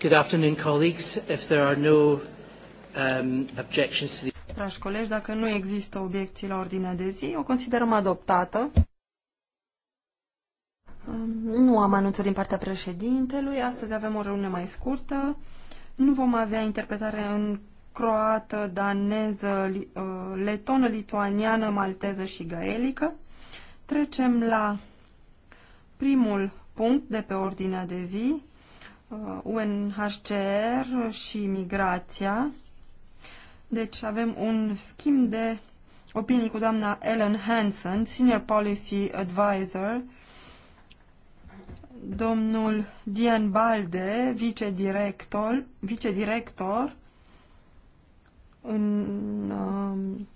Good afternoon, colleagues. If there are no um, objections to the... Dragi colegi, dacă nu există obiecții la ordinea de zi, o considerăm adoptată. Um, nu am anunțuri din partea președintelui. Astăzi avem o reuniune mai scurtă. Nu vom avea interpretare în croată, daneză, uh, letonă, lituaniană, malteză și gaelică. Trecem la primul punct de pe ordinea de zi, Uh, UNHCR și migrația. Deci avem un schimb de opinii cu doamna Ellen Hansen, Senior Policy Advisor, domnul Dian Balde, vicedirector, vicedirector în, um,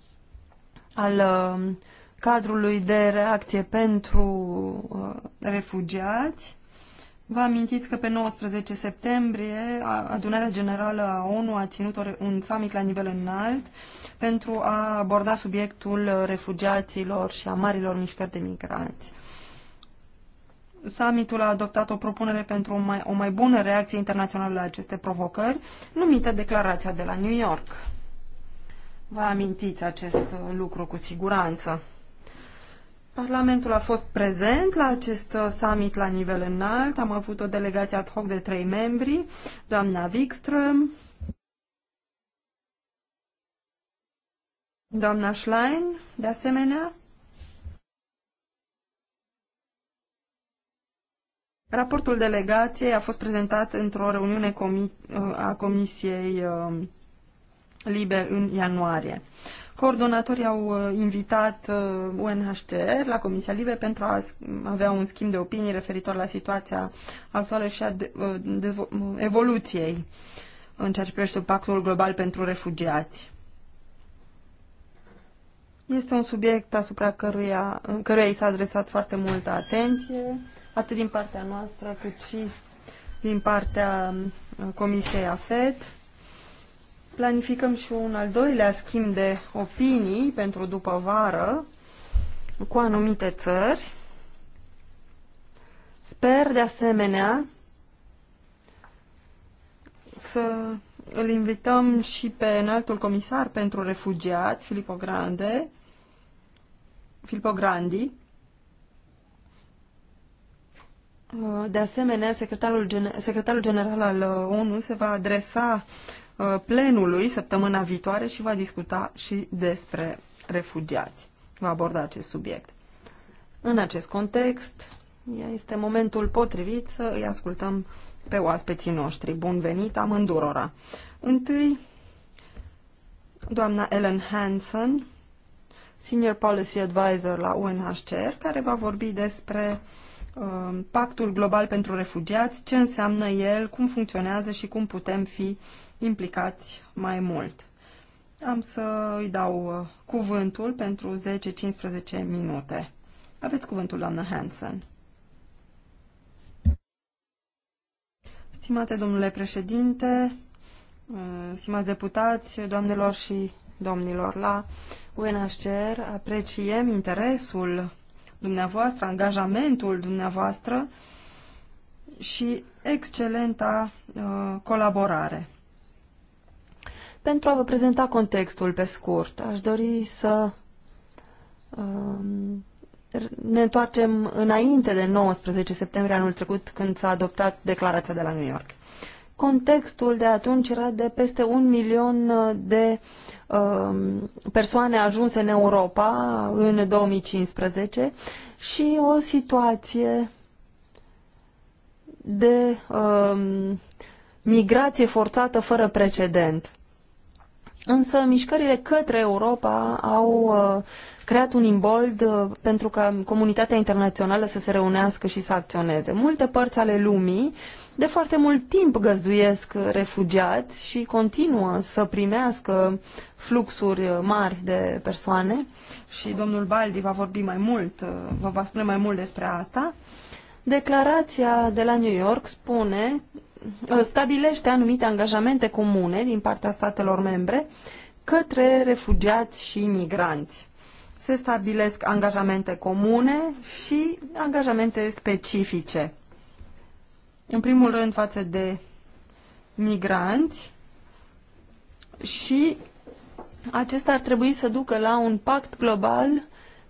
al um, cadrului de reacție pentru uh, refugiați, Vă amintiți că pe 19 septembrie adunarea generală a ONU a ținut un summit la nivel înalt pentru a aborda subiectul refugiaților și a marilor mișcări de migranți. Summitul a adoptat o propunere pentru o mai, o mai bună reacție internațională la aceste provocări, numită Declarația de la New York. Vă amintiți acest lucru cu siguranță. Parlamentul a fost prezent la acest uh, summit la nivel înalt. Am avut o delegație ad hoc de trei membri, doamna Wikström, doamna Schlein, de asemenea. Raportul delegației a fost prezentat într-o reuniune comi uh, a Comisiei uh, Libe în ianuarie. Coordonatorii au uh, invitat UNHCR uh, la Comisia Libe pentru a avea un schimb de opinii referitor la situația actuală și a uh, evoluției în ceea ce privește Pactul Global pentru Refugiați. Este un subiect asupra căruia, în căruia i s-a adresat foarte multă atenție, atât din partea noastră cât și din partea Comisiei AFET Planificăm și un al doilea schimb de opinii pentru după vară cu anumite țări. Sper de asemenea să îl invităm și pe înaltul comisar pentru refugiați, Filippo Grande, Filippo Grandi. De asemenea, secretarul, secretarul general al uh, ONU se va adresa Uh, plenului săptămâna viitoare și va discuta și despre refugiați. Va aborda acest subiect. În acest context, este momentul potrivit să îi ascultăm pe oaspeții noștri. Bun venit amândurora! Întâi, doamna Ellen Hansen, Senior Policy Advisor la UNHCR, care va vorbi despre uh, Pactul Global pentru Refugiați, ce înseamnă el, cum funcționează și cum putem fi implicați mai mult. Am să îi dau uh, cuvântul pentru 10-15 minute. Aveți cuvântul, doamnă Hansen. Stimate domnule președinte, uh, stimați deputați, doamnelor și domnilor, la UNHCR apreciem interesul dumneavoastră, angajamentul dumneavoastră și excelenta uh, colaborare. Pentru a vă prezenta contextul pe scurt, aș dori să um, ne întoarcem înainte de 19 septembrie anul trecut, când s-a adoptat declarația de la New York. Contextul de atunci era de peste un milion de um, persoane ajunse în Europa în 2015 și o situație de um, migrație forțată fără precedent. Însă mișcările către Europa au uh, creat un imbold uh, pentru ca comunitatea internațională să se reunească și să acționeze. Multe părți ale lumii de foarte mult timp găzduiesc refugiați și continuă să primească fluxuri uh, mari de persoane și domnul Baldi va vorbi mai mult, vă va spune mai mult despre asta. Declarația de la New York spune Uh, stabilește anumite angajamente comune din partea statelor membre către refugiați și migranți. Se stabilesc angajamente comune și angajamente specifice. În primul rând față de migranți și acesta ar trebui să ducă la un pact global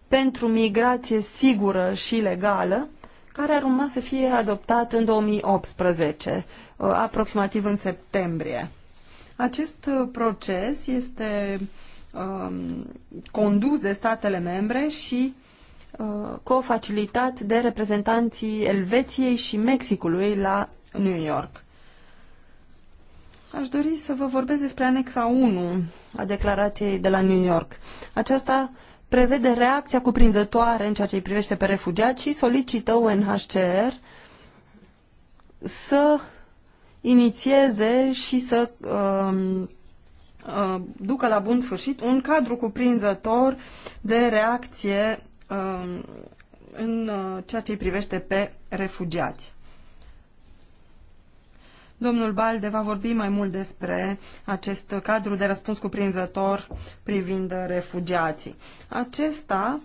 pentru migrație sigură și legală, care ar urma să fie adoptat în 2018, uh, aproximativ în septembrie. Acest uh, proces este um, condus de statele membre și uh, cofacilitat de reprezentanții Elveției și Mexicului la New York. Aș dori să vă vorbesc despre anexa 1 a declarației de la New York. Aceasta uh, prevede reacția cuprinzătoare în ceea ce îi privește pe refugiați și solicită UNHCR să inițieze și să um, uh, ducă la bun sfârșit un cadru cuprinzător de reacție um, în uh, ceea ce îi privește pe refugiați. Domnul Balde va vorbi mai mult despre acest cadru de răspuns cuprinzător privind refugiații. Acesta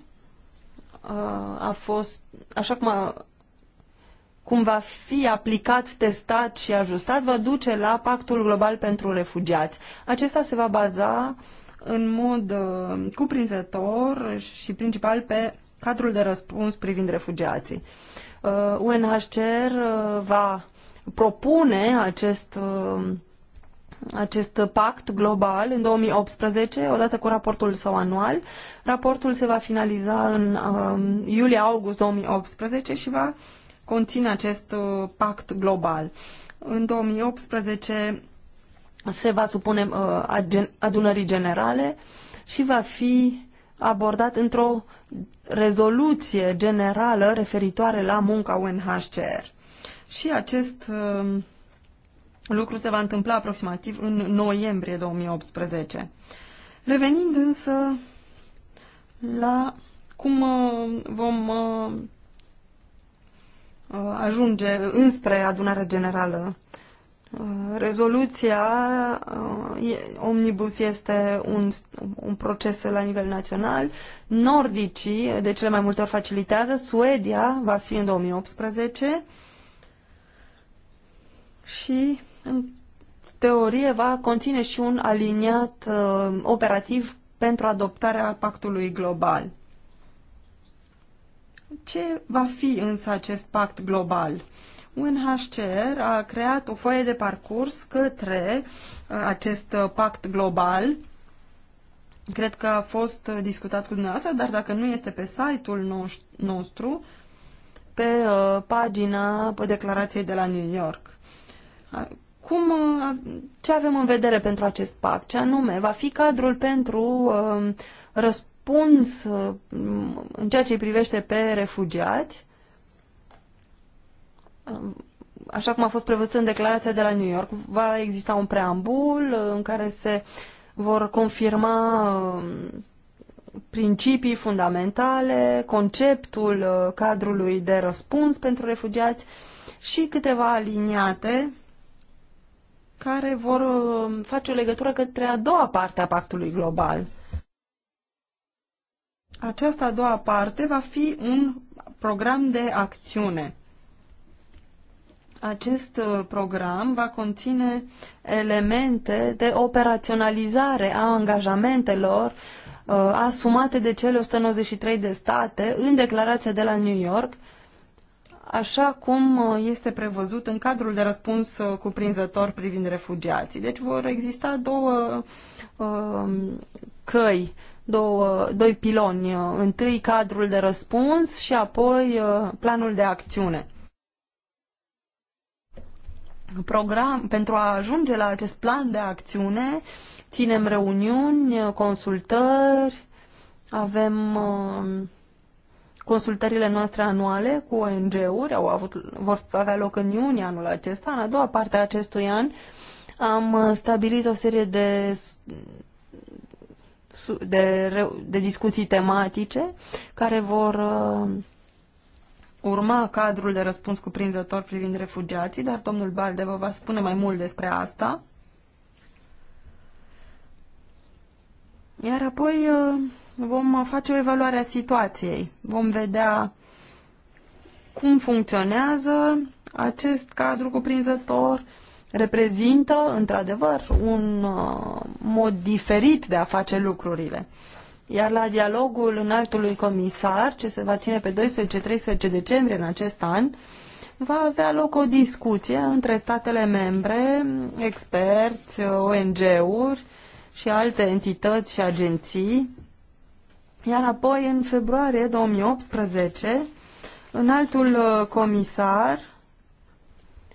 uh, a fost, așa cum, a, cum va fi aplicat, testat și ajustat, va duce la Pactul Global pentru Refugiați. Acesta se va baza în mod uh, cuprinzător și principal pe cadrul de răspuns privind refugiații. Uh, UNHCR uh, va propune acest, uh, acest pact global în 2018, odată cu raportul său anual. Raportul se va finaliza în um, iulie-august 2018 și va conține acest uh, pact global. În 2018 se va supune uh, adunării generale și va fi abordat într-o rezoluție generală referitoare la munca UNHCR și acest um, lucru se va întâmpla aproximativ în noiembrie 2018. Revenind însă la cum um, vom um, uh, ajunge înspre adunarea generală. Uh, rezoluția uh, Omnibus este un, un proces la nivel național. Nordicii de cele mai multe ori facilitează. Suedia va fi în 2018 și, în teorie, va conține și un aliniat uh, operativ pentru adoptarea pactului global. Ce va fi însă acest pact global? UNHCR a creat o foaie de parcurs către uh, acest pact global. Cred că a fost discutat cu dumneavoastră, dar dacă nu este pe site-ul nostru, pe uh, pagina pe declarației de la New York. Cum, uh, ce avem în vedere pentru acest pact? Ce anume, va fi cadrul pentru um, răspuns um, în ceea ce îi privește pe refugiați? Um, așa cum a fost prevăzut în declarația de la New York, va exista un preambul uh, în care se vor confirma principii fundamentale, conceptul uh, cadrului de răspuns pentru refugiați și câteva aliniate care vor uh, face o legătură către a doua parte a pactului global. Această a doua parte va fi un program de acțiune. Acest uh, program va conține elemente de operaționalizare a angajamentelor uh, asumate de cele 193 de state în declarația de la New York așa cum uh, este prevăzut în cadrul de răspuns uh, cuprinzător privind refugiații. Deci vor exista două um, căi, două, doi piloni. Uh, întâi cadrul de răspuns și apoi planul de acțiune. Program, pentru a ajunge la acest plan de acțiune, ținem reuniuni, consultări, avem uh, Consultările noastre anuale cu ONG-uri au avut, vor avea loc în iunie anul acesta. În a doua parte a acestui an am uh, stabilit o serie de, de, de discuții tematice care vor uh, urma cadrul de răspuns cuprinzător privind refugiații, dar domnul Balde vă va spune mai mult despre asta. Iar apoi uh, vom face o evaluare a situației. Vom vedea cum funcționează acest cadru cuprinzător, reprezintă, într-adevăr, un uh, mod diferit de a face lucrurile. Iar la dialogul înaltului comisar, ce se va ține pe 12-13 decembrie în acest an, va avea loc o discuție între statele membre, experți, uh, ONG-uri și alte entități și agenții iar apoi, în februarie 2018, altul uh, comisar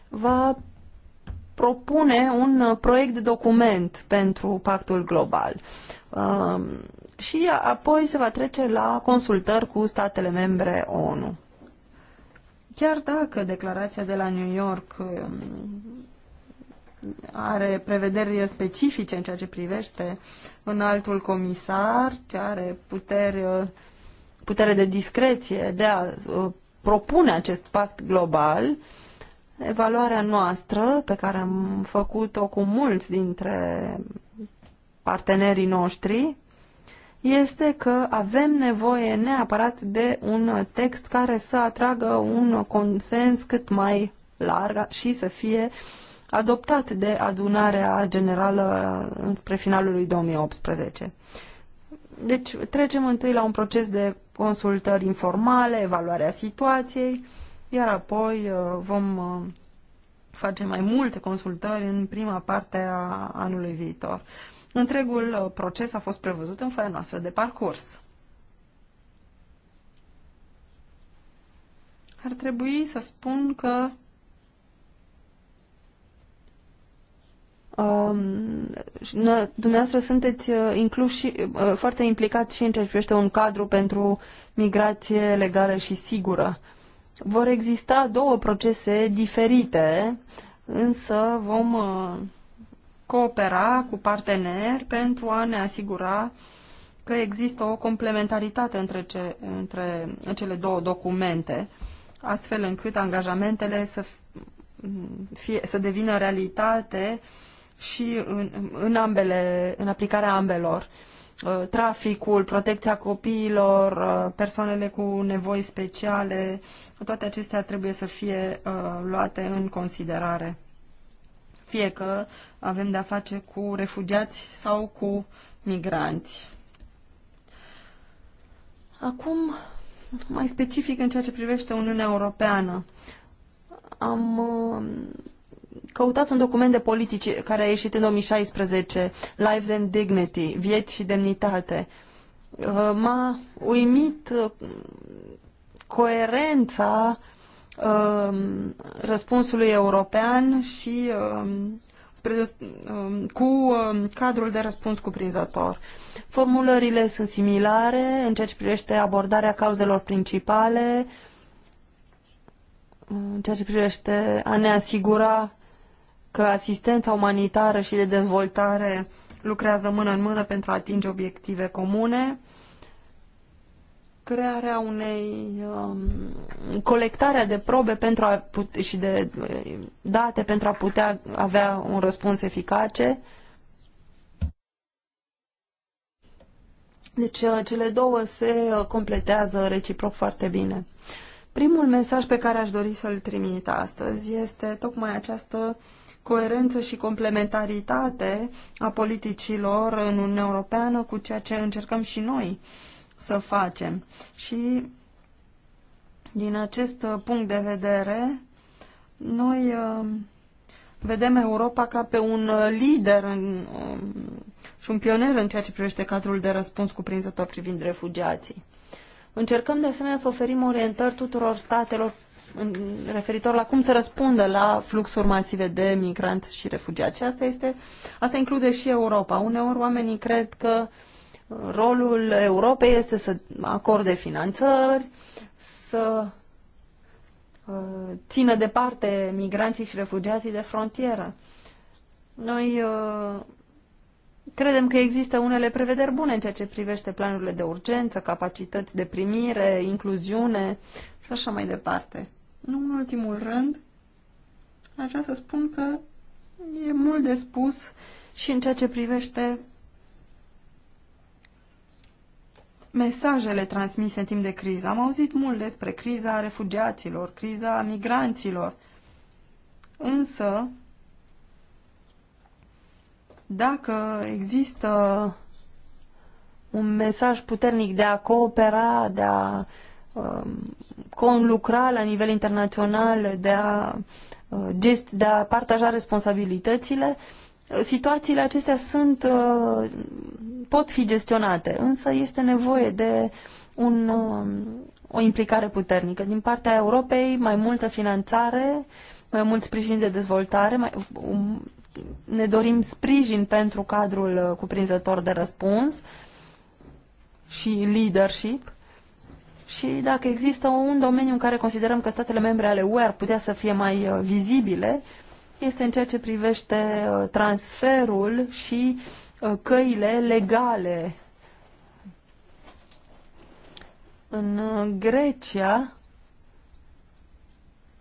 va propune un uh, proiect de document pentru pactul global. Um, și apoi se va trece la consultări cu statele membre ONU. Chiar dacă declarația de la New York um, are prevederi specifice în ceea ce privește un altul comisar, ce are putere, putere de discreție de a uh, propune acest pact global. Evaluarea noastră, pe care am făcut-o cu mulți dintre partenerii noștri, este că avem nevoie neapărat de un text care să atragă un consens cât mai larg și să fie uh, adoptat de adunarea generală spre finalul lui 2018. Deci trecem întâi la un proces de consultări informale, evaluarea situației, iar apoi uh, vom uh, face mai multe consultări în prima parte a anului viitor. Întregul uh, proces a fost prevăzut în foaia noastră de parcurs. Ar trebui să spun că Um, dumneavoastră sunteți uh, inclus și, uh, foarte implicați și în ce privește un cadru pentru migrație legală și sigură. Vor exista două procese diferite, însă vom uh, coopera cu parteneri pentru a ne asigura că există o complementaritate între, ce, între cele două documente, astfel încât angajamentele să, fie, să devină realitate uh, și în, în ambele, în aplicarea ambelor. Uh, traficul, protecția copiilor, uh, persoanele cu nevoi speciale, toate acestea trebuie să fie uh, luate în considerare. Fie că avem de-a face cu refugiați sau cu migranți. Acum, mai specific în ceea ce privește Uniunea Europeană, am căutați un document de politici care a ieșit în 2016, Lives and Dignity, Vieți și Demnitate. Uh, m-a uimit uh, coerența um, răspunsului european și um, um, cu cadrul de răspuns cuprinzător. Formulările sunt similare în ceea ce privește abordarea cauzelor principale, în ceea ce privește a ne asigura că asistența umanitară și de dezvoltare lucrează mână în mână pentru a atinge obiective comune, crearea unei um, colectarea de probe pentru a put- și de um, date pentru a putea avea un răspuns eficace. Deci uh, cele două se uh, completează reciproc foarte bine. Primul mesaj pe care aș dori să-l trimit astăzi este tocmai această uh, coerență și complementaritate a politicilor în Uniunea Europeană cu ceea ce încercăm și noi să facem. Și din acest punct de vedere, noi uh, vedem Europa ca pe un lider în, um, și un pionier în ceea ce privește cadrul de răspuns cuprinzător privind refugiații. Încercăm de asemenea să oferim orientări tuturor statelor referitor la cum se răspunde la fluxuri masive de migranți și refugiați. asta, este, asta include și Europa. Uneori oamenii cred că rolul Europei este să acorde finanțări, să uh, țină departe migranții și refugiații de frontieră. Noi uh, credem că există unele prevederi bune în ceea ce privește planurile de urgență, capacități de primire, incluziune și așa mai departe. Nu în ultimul rând, aș vrea să spun că e mult de spus și în ceea ce privește mesajele transmise în timp de criză. Am auzit mult despre criza refugiaților, criza migranților. Însă, dacă există un mesaj puternic de a coopera, de a Um, conlucra la nivel internațional, de a, uh, gest, de a partaja responsabilitățile, uh, situațiile acestea sunt, uh, pot fi gestionate, însă este nevoie de un, um, o implicare puternică. Din partea Europei, mai multă finanțare, mai mult sprijin de dezvoltare, mai, um, ne dorim sprijin pentru cadrul cuprinzător de răspuns și leadership și dacă există un domeniu în care considerăm că statele membre ale UE ar putea să fie mai uh, vizibile, este în ceea ce privește uh, transferul și uh, căile legale. În Grecia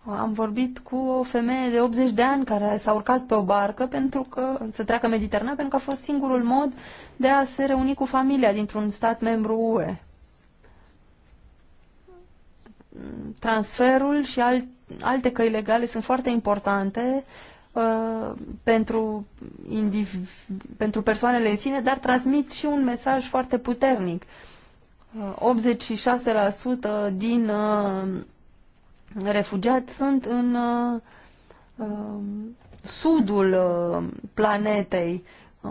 am vorbit cu o femeie de 80 de ani care s-a urcat pe o barcă pentru că să treacă Mediterana pentru că a fost singurul mod de a se reuni cu familia dintr-un stat membru UE transferul și al, alte căi legale sunt foarte importante uh, pentru, indiv, pentru persoanele în sine, dar transmit și un mesaj foarte puternic. Uh, 86% din uh, refugiați sunt în uh, uh, sudul uh, planetei. Uh,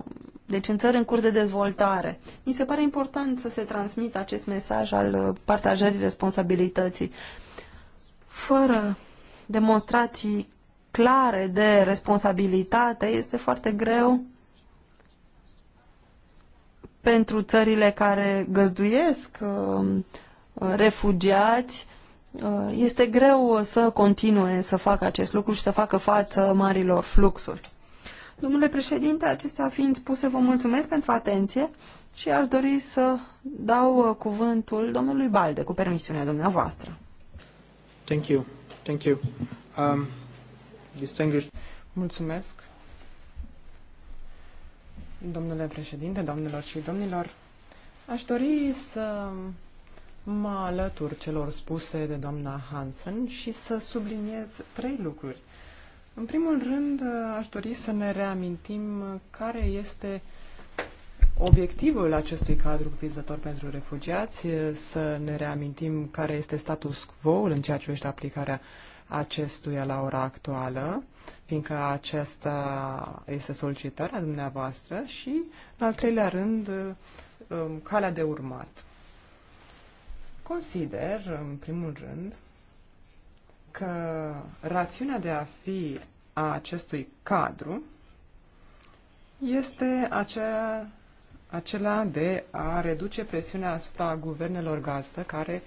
deci în țări în curs de dezvoltare. Mi se pare important să se transmită acest mesaj al uh, partajării responsabilității. Fără demonstrații clare de responsabilitate, este foarte greu pentru țările care găzduiesc uh, refugiați, uh, este greu să continue să facă acest lucru și să facă față marilor fluxuri. Domnule președinte, acestea fiind spuse, vă mulțumesc pentru atenție și aș dori să dau uh, cuvântul domnului Balde, cu permisiunea dumneavoastră. Thank you. Thank you. Um, distinguished... Mulțumesc. Domnule președinte, doamnelor și domnilor, aș dori să mă alătur celor spuse de doamna Hansen și să subliniez trei lucruri. În primul rând, aș dori să ne reamintim care este obiectivul acestui cadru cuprinzător pentru refugiați, să ne reamintim care este status quo în ceea ce privește aplicarea acestuia la ora actuală, fiindcă aceasta este solicitarea dumneavoastră și, în al treilea rând, um, calea de urmat. Consider, în primul rând, că rațiunea de a fi a acestui cadru este aceea, acela de a reduce presiunea asupra guvernelor gazdă care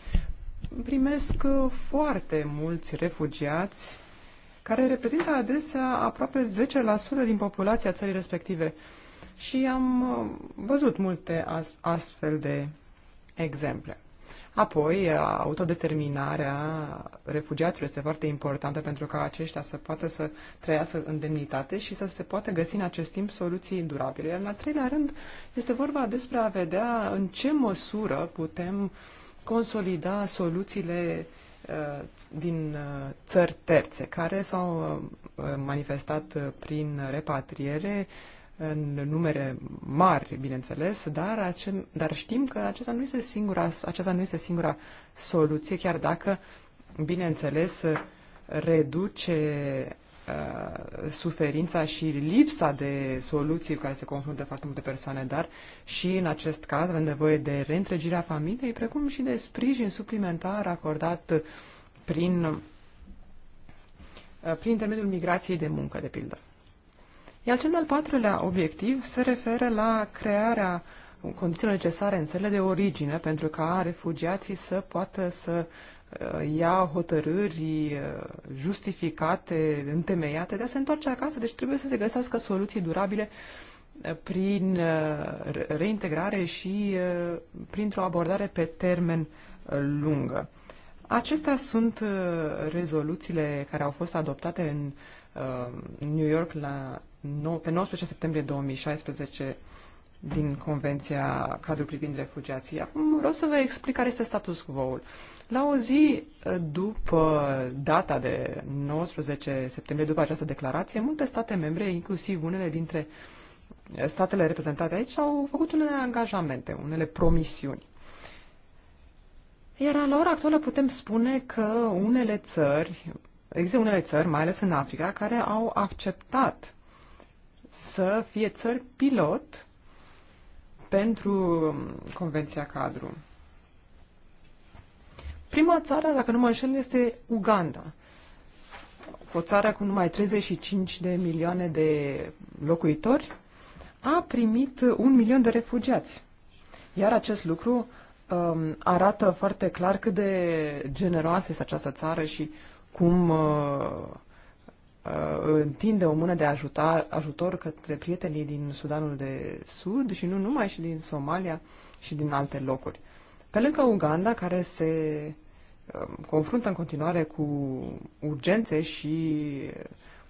primesc foarte mulți refugiați care reprezintă adesea aproape 10% din populația țării respective. Și am văzut multe astfel de exemple. Apoi, uh, autodeterminarea refugiaților este foarte importantă pentru ca aceștia să poată să trăiască în demnitate și să se poată găsi în acest timp soluții durabile. Iar în al treilea rând, este vorba despre a vedea în ce măsură putem consolida soluțiile uh, din uh, țări terțe care s-au manifestat prin repatriere în numere mari, bineînțeles, dar, ace- dar știm că aceasta nu este singura, aceasta nu este singura soluție, chiar dacă, bineînțeles, reduce uh, suferința și lipsa de soluții cu care se confruntă foarte multe persoane, dar și în acest caz avem nevoie de reîntregirea familiei, precum și de sprijin suplimentar acordat prin, uh, prin intermediul migrației de muncă, de pildă. Iar cel de-al patrulea obiectiv se referă la crearea condițiilor necesare în țările de origine pentru ca refugiații să poată să uh, ia hotărâri uh, justificate, întemeiate de a se întoarce acasă. Deci trebuie să se găsească soluții durabile uh, prin reintegrare și printr-o abordare pe termen lungă. Acestea sunt rezoluțiile care au fost adoptate în New York la pe 19 septembrie 2016 din Convenția Cadrul privind refugiații. Acum vreau să vă explic care este status quo-ul. La o zi eh, după data de 19 septembrie, după această declarație, multe state membre, inclusiv unele dintre eh, statele reprezentate aici, au făcut unele angajamente, unele promisiuni. Iar la ora actuală putem spune că unele țări, există unele țări, mai ales în Africa, care au acceptat să fie țări pilot pentru Convenția Cadru. Prima țară, dacă nu mă înșel, este Uganda. O țară cu numai 35 de milioane de locuitori a primit un milion de refugiați. Iar acest lucru um, arată foarte clar cât de generoasă este această țară și cum uh, Uh, întinde o mână de ajuta, ajutor către prietenii din Sudanul de Sud și nu numai, și din Somalia și din alte locuri. Pe lângă Uganda, care se um, confruntă în continuare cu urgențe și uh,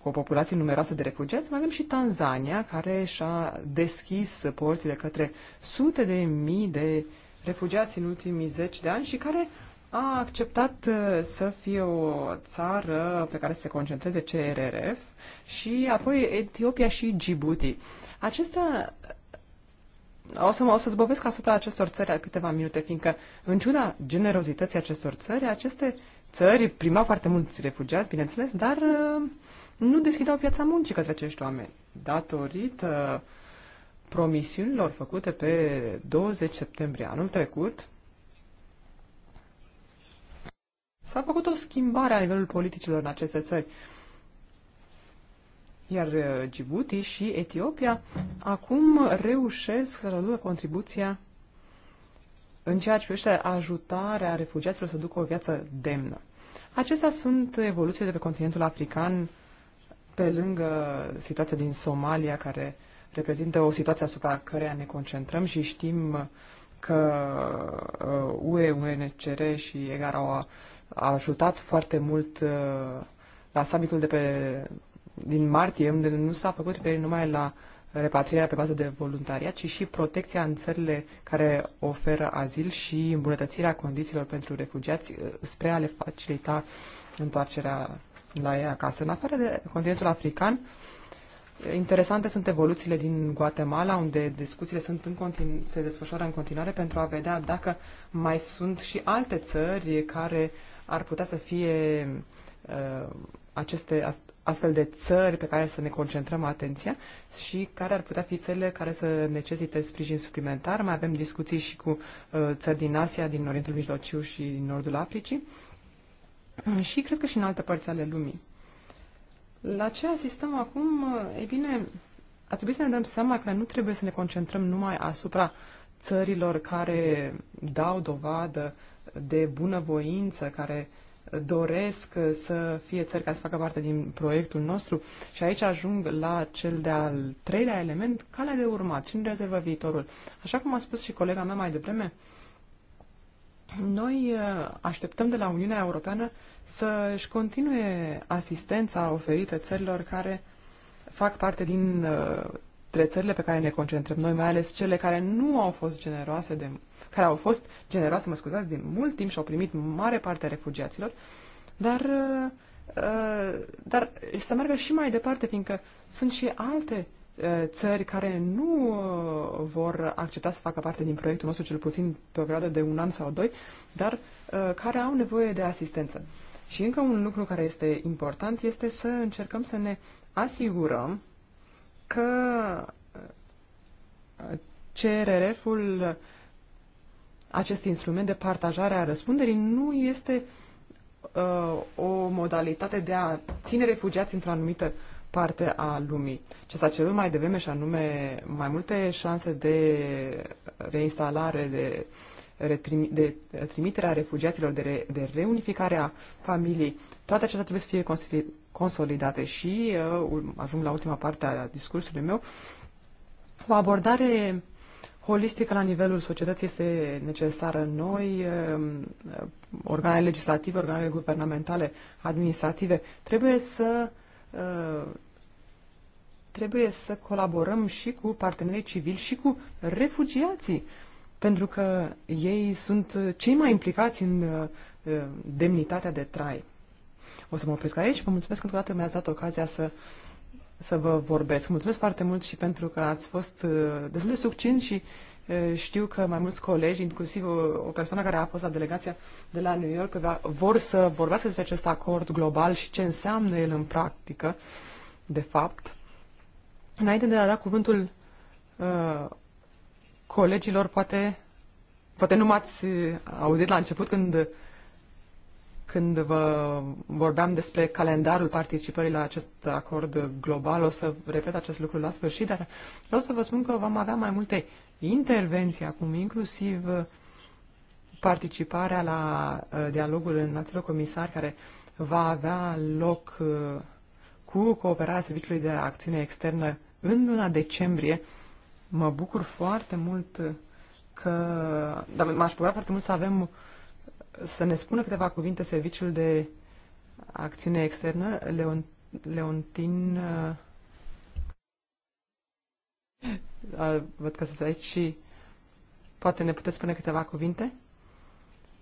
cu o populație numeroasă de refugiați, mai avem și Tanzania, care și-a deschis porțile către sute de mii de refugiați în ultimii zeci de ani și care a acceptat uh, să fie o țară pe care se concentreze CRRF și apoi Etiopia și Djibouti. Acestea uh, o să, o să zbăvesc asupra acestor țări câteva minute, fiindcă, în ciuda generozității acestor țări, aceste țări primau foarte mulți refugiați, bineînțeles, dar uh, nu deschideau piața muncii către acești oameni. Datorită promisiunilor făcute pe 20 septembrie anul trecut, S-a făcut o schimbare a nivelul politicilor în aceste țări. Iar uh, Djibouti și Etiopia acum reușesc să aducă contribuția în ceea ce privește ajutarea refugiaților să ducă o viață demnă. Acestea sunt evoluții de pe continentul african, pe lângă situația din Somalia, care reprezintă o situație asupra căreia ne concentrăm și știm uh, că uh, UE, UNCR și EGAR au ajutat foarte mult uh, la summitul de pe, din martie, unde nu s-a făcut referire numai la repatrierea pe bază de voluntariat, ci și protecția în țările care oferă azil și îmbunătățirea condițiilor pentru refugiați uh, spre a le facilita întoarcerea la ei acasă. În afară de continentul african, uh, Interesante sunt evoluțiile din Guatemala, unde discuțiile sunt în continu- se desfășoară în continuare pentru a vedea dacă mai sunt și alte țări care ar putea să fie uh, aceste astfel de țări pe care să ne concentrăm atenția și care ar putea fi țările care să necesite sprijin suplimentar. Mai avem discuții și cu uh, țări din Asia, din Orientul Mijlociu și din Nordul Africii și cred că și în alte părți ale lumii. La ce asistăm acum? e bine, a trebuit să ne dăm seama că nu trebuie să ne concentrăm numai asupra țărilor care dau dovadă de bunăvoință, care doresc să fie țări care să facă parte din proiectul nostru. Și aici ajung la cel de-al treilea element, calea de urmat, cine rezervă viitorul. Așa cum a spus și colega mea mai devreme, uh, noi uh, așteptăm de la Uniunea Europeană să își continue asistența oferită țărilor care fac parte din uh, țările pe care ne concentrăm noi, mai ales cele care nu au fost generoase de, care au fost generoase, mă scuzați, din mult timp și au primit mare parte a refugiaților, dar, uh, dar să meargă și mai departe, fiindcă sunt și alte Uh, țări care nu uh, vor accepta să facă parte din proiectul nostru, cel puțin pe o perioadă de un an sau doi, dar uh, care au nevoie de asistență. Și încă un lucru care este important este să încercăm să ne asigurăm că CRRF-ul, acest instrument de partajare a răspunderii, nu este uh, o modalitate de a ține refugiați într-o anumită uh, parte a lumii. Ce s-a cerut mai devreme și anume mai multe șanse de reinstalare, de, de trimiterea refugiaților, de, re, de reunificare a familiei, toate acestea trebuie să fie consolidate și uh, ajung la ultima parte a discursului meu. O abordare holistică la nivelul societății este necesară. Noi, um, uh, organele legislative, organele guvernamentale, administrative, trebuie să uh, Uh, trebuie să colaborăm și cu partenerii civili și cu refugiații, pentru că ei sunt cei mai implicați în uh, uh, demnitatea de trai. O să mă opresc aici. Vă mulțumesc că toată mi-ați dat ocazia să, să vă vorbesc. Mulțumesc foarte mult și pentru că ați fost destul de succint și știu că mai mulți colegi, inclusiv o persoană care a fost la delegația de la New York, vor să vorbească despre acest acord global și ce înseamnă el în practică, de fapt. Înainte de a da cuvântul uh, colegilor, poate, poate nu m-ați uh, auzit la început când, când vă vorbeam despre calendarul participării la acest acord global. O să repet acest lucru la sfârșit, dar vreau să vă spun că vom avea mai multe intervenții acum, inclusiv uh, participarea la uh, dialogul în Națiunea Comisar care va avea loc uh, cu cooperarea Serviciului de Acțiune Externă în luna decembrie. Mă bucur foarte mult că... Dar m-aș bucura foarte mult să avem să ne spună câteva cuvinte Serviciul de Acțiune Externă, Leon, Leontin Văd că sunteți aici și poate ne puteți spune câteva cuvinte.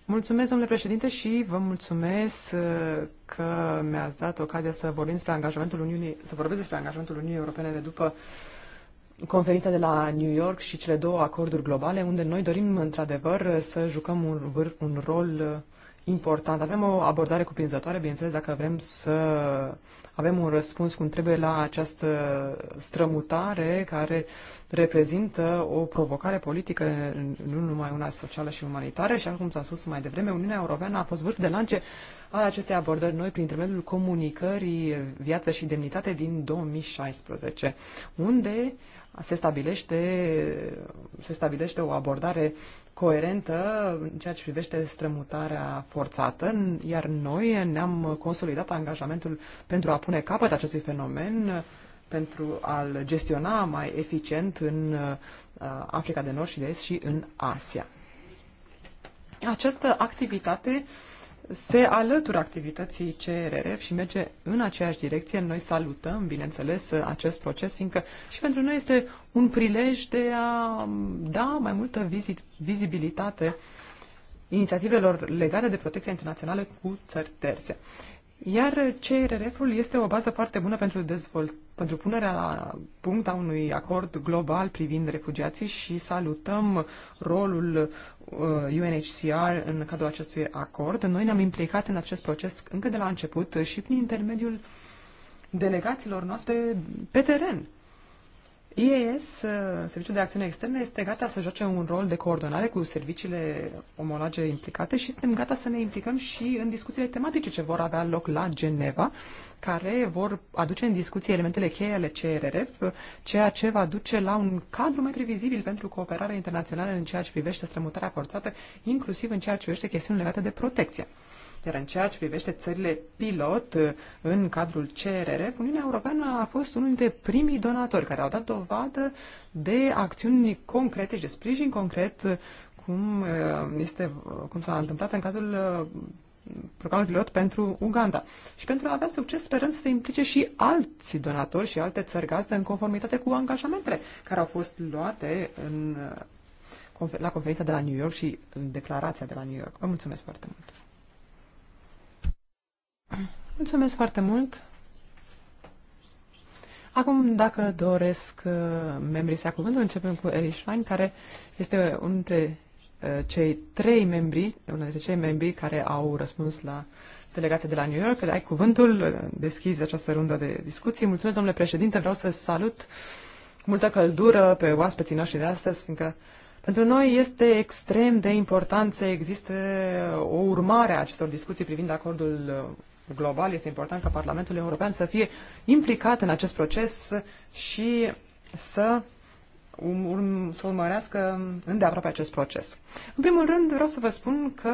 Mulțumesc, domnule președinte, și vă mulțumesc uh, că mi-ați dat ocazia să vorbim despre angajamentul Uniunii, să vorbesc despre angajamentul Uniunii Europene de după conferința de la New York și cele două acorduri globale, unde noi dorim, într-adevăr, să jucăm un, un rol uh, important. Avem o abordare cuprinzătoare, bineînțeles, dacă vrem să avem un răspuns cum trebuie la această strămutare care reprezintă o provocare politică, nu numai una socială și umanitară. Și, cum s-a spus mai devreme, Uniunea Europeană a fost vârf de lance al acestei abordări noi prin intermediul comunicării Viață și Demnitate din 2016, unde se stabilește, se stabilește o abordare coerentă în ceea ce privește strămutarea forțată, iar noi ne-am consolidat angajamentul pentru a pune capăt acestui fenomen, pentru a-l gestiona mai eficient în uh, Africa de Nord și de Est și în Asia. Această activitate uh, se alătură activității CRRF și merge în aceeași direcție. Noi salutăm, bineînțeles, acest proces, fiindcă și pentru noi este un prilej de a da mai multă vizit, vizibilitate inițiativelor legate de protecția internațională cu țări terțe. Iar CRRF-ul este o bază foarte bună pentru, dezvolt, pentru punerea la punct a unui acord global privind refugiații și salutăm rolul UNHCR uh, în cadrul acestui acord. Noi ne-am implicat în acest proces încă de la început și prin intermediul delegațiilor noastre pe teren. IES, uh, Serviciul de Acțiune Externă, este gata să joace un rol de coordonare cu serviciile omologe implicate și suntem gata să ne implicăm și în discuțiile tematice ce vor avea loc la Geneva, care vor aduce în discuție elementele cheie ale CRRF, ceea ce va duce la un cadru mai previzibil pentru cooperarea internațională în ceea ce privește strămutarea forțată, inclusiv în ceea ce privește chestiuni legate de protecție. Iar în ceea ce privește țările pilot în cadrul CRR, Uniunea Europeană a fost unul dintre primii donatori care au dat dovadă de acțiuni concrete și de sprijin concret cum, uh, este, cum s-a întâmplat în cazul uh, programul pilot pentru Uganda. Și pentru a avea succes sperăm să se implice și alți donatori și alte țări gazdă în conformitate cu angajamentele care au fost luate în, uh, la conferința de la New York și în declarația de la New York. Vă mulțumesc foarte mult! Mulțumesc foarte mult. Acum, dacă doresc uh, membrii să ia cuvântul, începem cu Eli Schwein, care este unul dintre uh, cei trei membri, unul dintre cei membri care au răspuns la delegația de la New York. Ai cuvântul, uh, deschizi această rundă de discuții. Mulțumesc, domnule președinte, vreau să salut multă căldură pe oaspeții noștri de astăzi, fiindcă pentru noi este extrem de important să existe o urmare a acestor discuții privind acordul global, este important ca Parlamentul European să fie implicat în acest proces și să, um, urm, să urmărească îndeaproape acest proces. În primul rând, vreau să vă spun că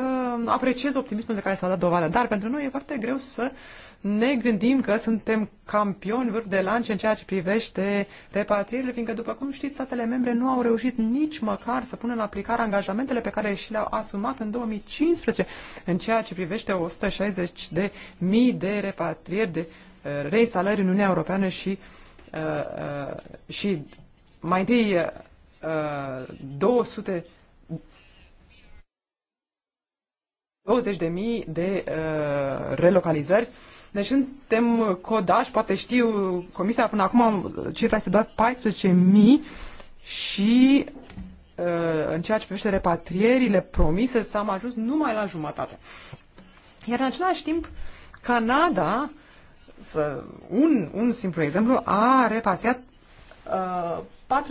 apreciez optimismul de care s-a dat dovadă, dar pentru noi e foarte greu să uh, ne gândim că suntem campioni vârf de lance în ceea ce privește repatrierile, fiindcă, după cum știți, statele membre nu au reușit nici măcar să pună în aplicare angajamentele pe care și le-au asumat în 2015 în ceea ce privește 160 de mii de repatrieri de uh, reinstalări în Uniunea Europeană și, uh, uh, și mai întâi uh, 200 uh, 20.000 de uh, relocalizări deci suntem codași, poate știu comisia până acum, cifra este doar 14.000 și uh, în ceea ce privește repatrierile promise, s-am ajuns numai la jumătate. Iar în același timp, Canada, să, un, un simplu exemplu, a repatriat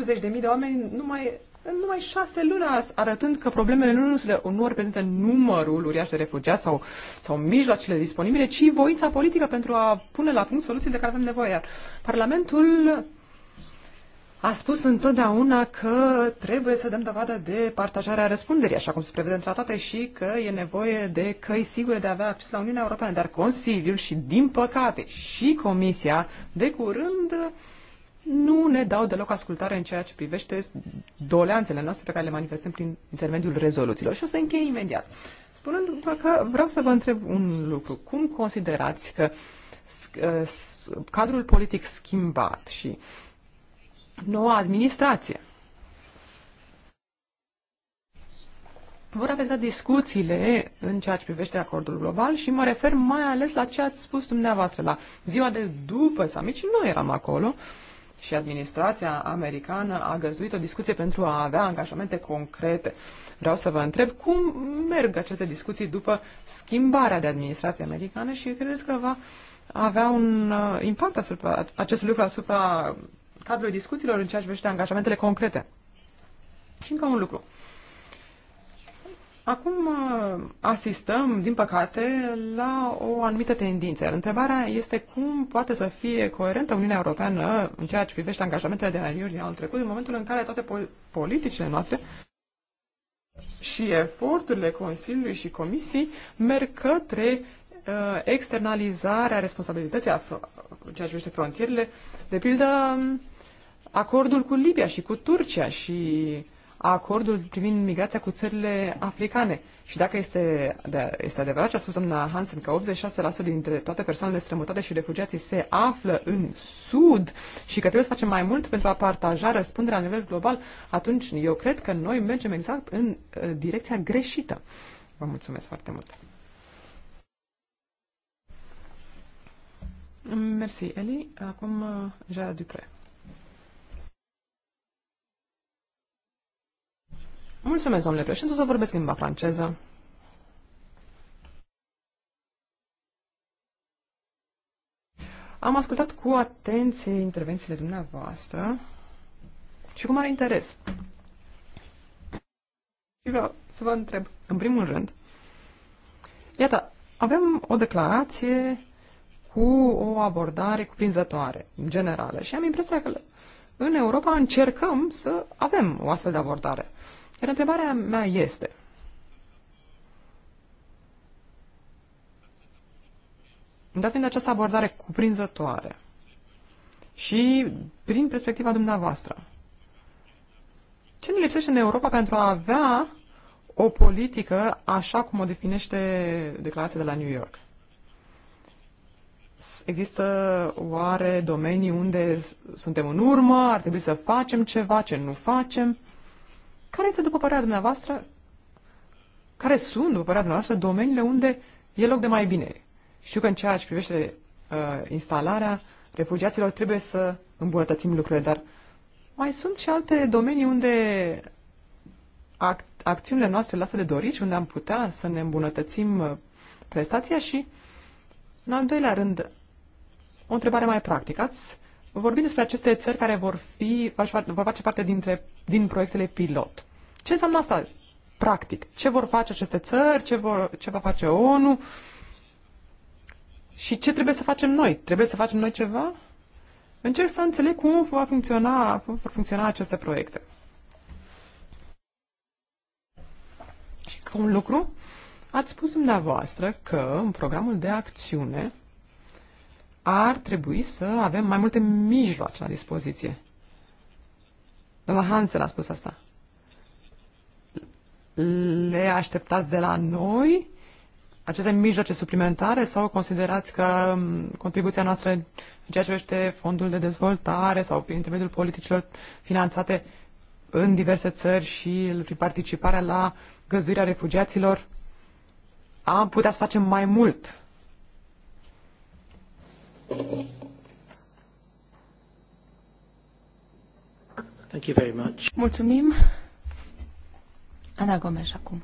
uh, 40.000 de oameni numai în numai șase luni, arătând că problemele nu, nu, nu reprezintă numărul uriaș de refugiați sau, sau mijloacele disponibile, ci voința politică pentru a pune la punct soluții de care avem nevoie. Iar Parlamentul a spus întotdeauna că trebuie să dăm dovadă de partajarea răspunderii, așa cum se prevede în tratate, și că e nevoie de căi sigure de a avea acces la Uniunea Europeană. Dar Consiliul și, din păcate, și Comisia, de curând, uh, nu ne dau deloc ascultare în ceea ce privește doleanțele noastre pe care le manifestăm prin intermediul rezoluțiilor. Și o să închei imediat. Spunându-vă că vreau să vă întreb un lucru. Cum considerați că cadrul politic schimbat și noua administrație vor avea discuțiile în ceea ce privește acordul global și mă refer mai ales la ce ați spus dumneavoastră, la ziua de după summit și nu eram acolo, uh, și administrația americană a găzduit o discuție pentru a avea angajamente concrete. Vreau să vă întreb cum merg aceste discuții după schimbarea de administrație americană și credeți că va avea un uh, impact asupra acest lucru asupra cadrului discuțiilor în ceea ce privește angajamentele concrete. Și încă un lucru. Uh, Acum uh, asistăm, din păcate, la o anumită tendință. întrebarea este cum poate să fie coerentă Uniunea Europeană în ceea ce privește angajamentele de la Iuri din anul trecut, în momentul în care toate politicile noastre și eforturile Consiliului și Comisiei merg către uh, externalizarea responsabilității, a ceea ce privește frontierele, de pildă um, acordul cu Libia și cu Turcia și uh, acordul privind migrația cu țările africane. Și dacă este, de, este adevărat ce a spus doamna Hansen, că 86% dintre toate persoanele strămutate și refugiații se află în Sud și că trebuie să facem mai mult pentru a partaja răspunderea la nivel global, atunci eu cred că noi mergem exact în uh, direcția greșită. Vă mulțumesc foarte mult! Mersi, Eli. Acum, Jara uh, Dupre. Mulțumesc, domnule președinte, să vorbesc limba franceză. Am ascultat cu atenție intervențiile dumneavoastră și cu mare interes. Și vreau să vă întreb, în primul rând, iată, avem o declarație cu o abordare cuprinzătoare, generală, și am impresia că în Europa încercăm să avem o astfel de abordare. Iar întrebarea mea este, dat fiind această abordare cuprinzătoare și prin perspectiva dumneavoastră, ce ne lipsește în Europa pentru a avea o politică așa cum o definește declarația de la New York? Există oare domenii unde suntem în urmă, ar trebui să facem ceva, ce nu facem? Care este, după părerea dumneavoastră, care sunt, după părerea dumneavoastră, domeniile unde e loc de mai bine? Știu că în ceea ce privește uh, instalarea refugiaților trebuie să îmbunătățim lucrurile, dar mai sunt și alte domenii unde ac- acțiunile noastre lasă de dorit și unde am putea să ne îmbunătățim uh, prestația și, în al doilea rând, o întrebare mai practică. Ați vorbim despre aceste țări care vor, fi, vor face parte dintre, din proiectele pilot. Ce înseamnă asta, practic? Ce vor face aceste țări? Ce, vor, ce va face ONU? Și ce trebuie să facem noi? Trebuie să facem noi ceva? Încerc să înțeleg cum, va funcționa, cum vor funcționa aceste proiecte. Și ca un lucru, ați spus dumneavoastră că în programul de acțiune ar trebui să avem mai multe mijloace la dispoziție. Doamna Hansel a spus asta. Le așteptați de la noi aceste mijloace suplimentare sau considerați că um, contribuția noastră în ceea ce este fondul de dezvoltare sau prin intermediul politicilor finanțate în diverse țări și prin participarea la găzduirea refugiaților am putea să facem mai mult Thank you very much. Mulțumim. Ana Gomes acum.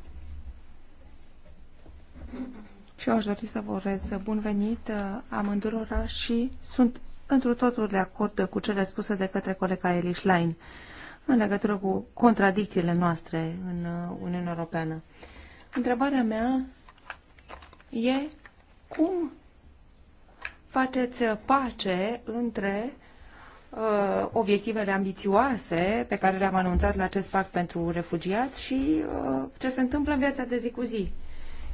Și eu aș dori să vă urez bun venit uh, amândurora și sunt întru totul de acord cu cele spuse de către colega Eli Lain în legătură cu contradicțiile noastre în uh, Uniunea Europeană. Întrebarea mea e cum faceți uh, pace între uh, obiectivele ambițioase pe care le-am anunțat la acest pact pentru refugiați și uh, ce se întâmplă în viața de zi cu zi.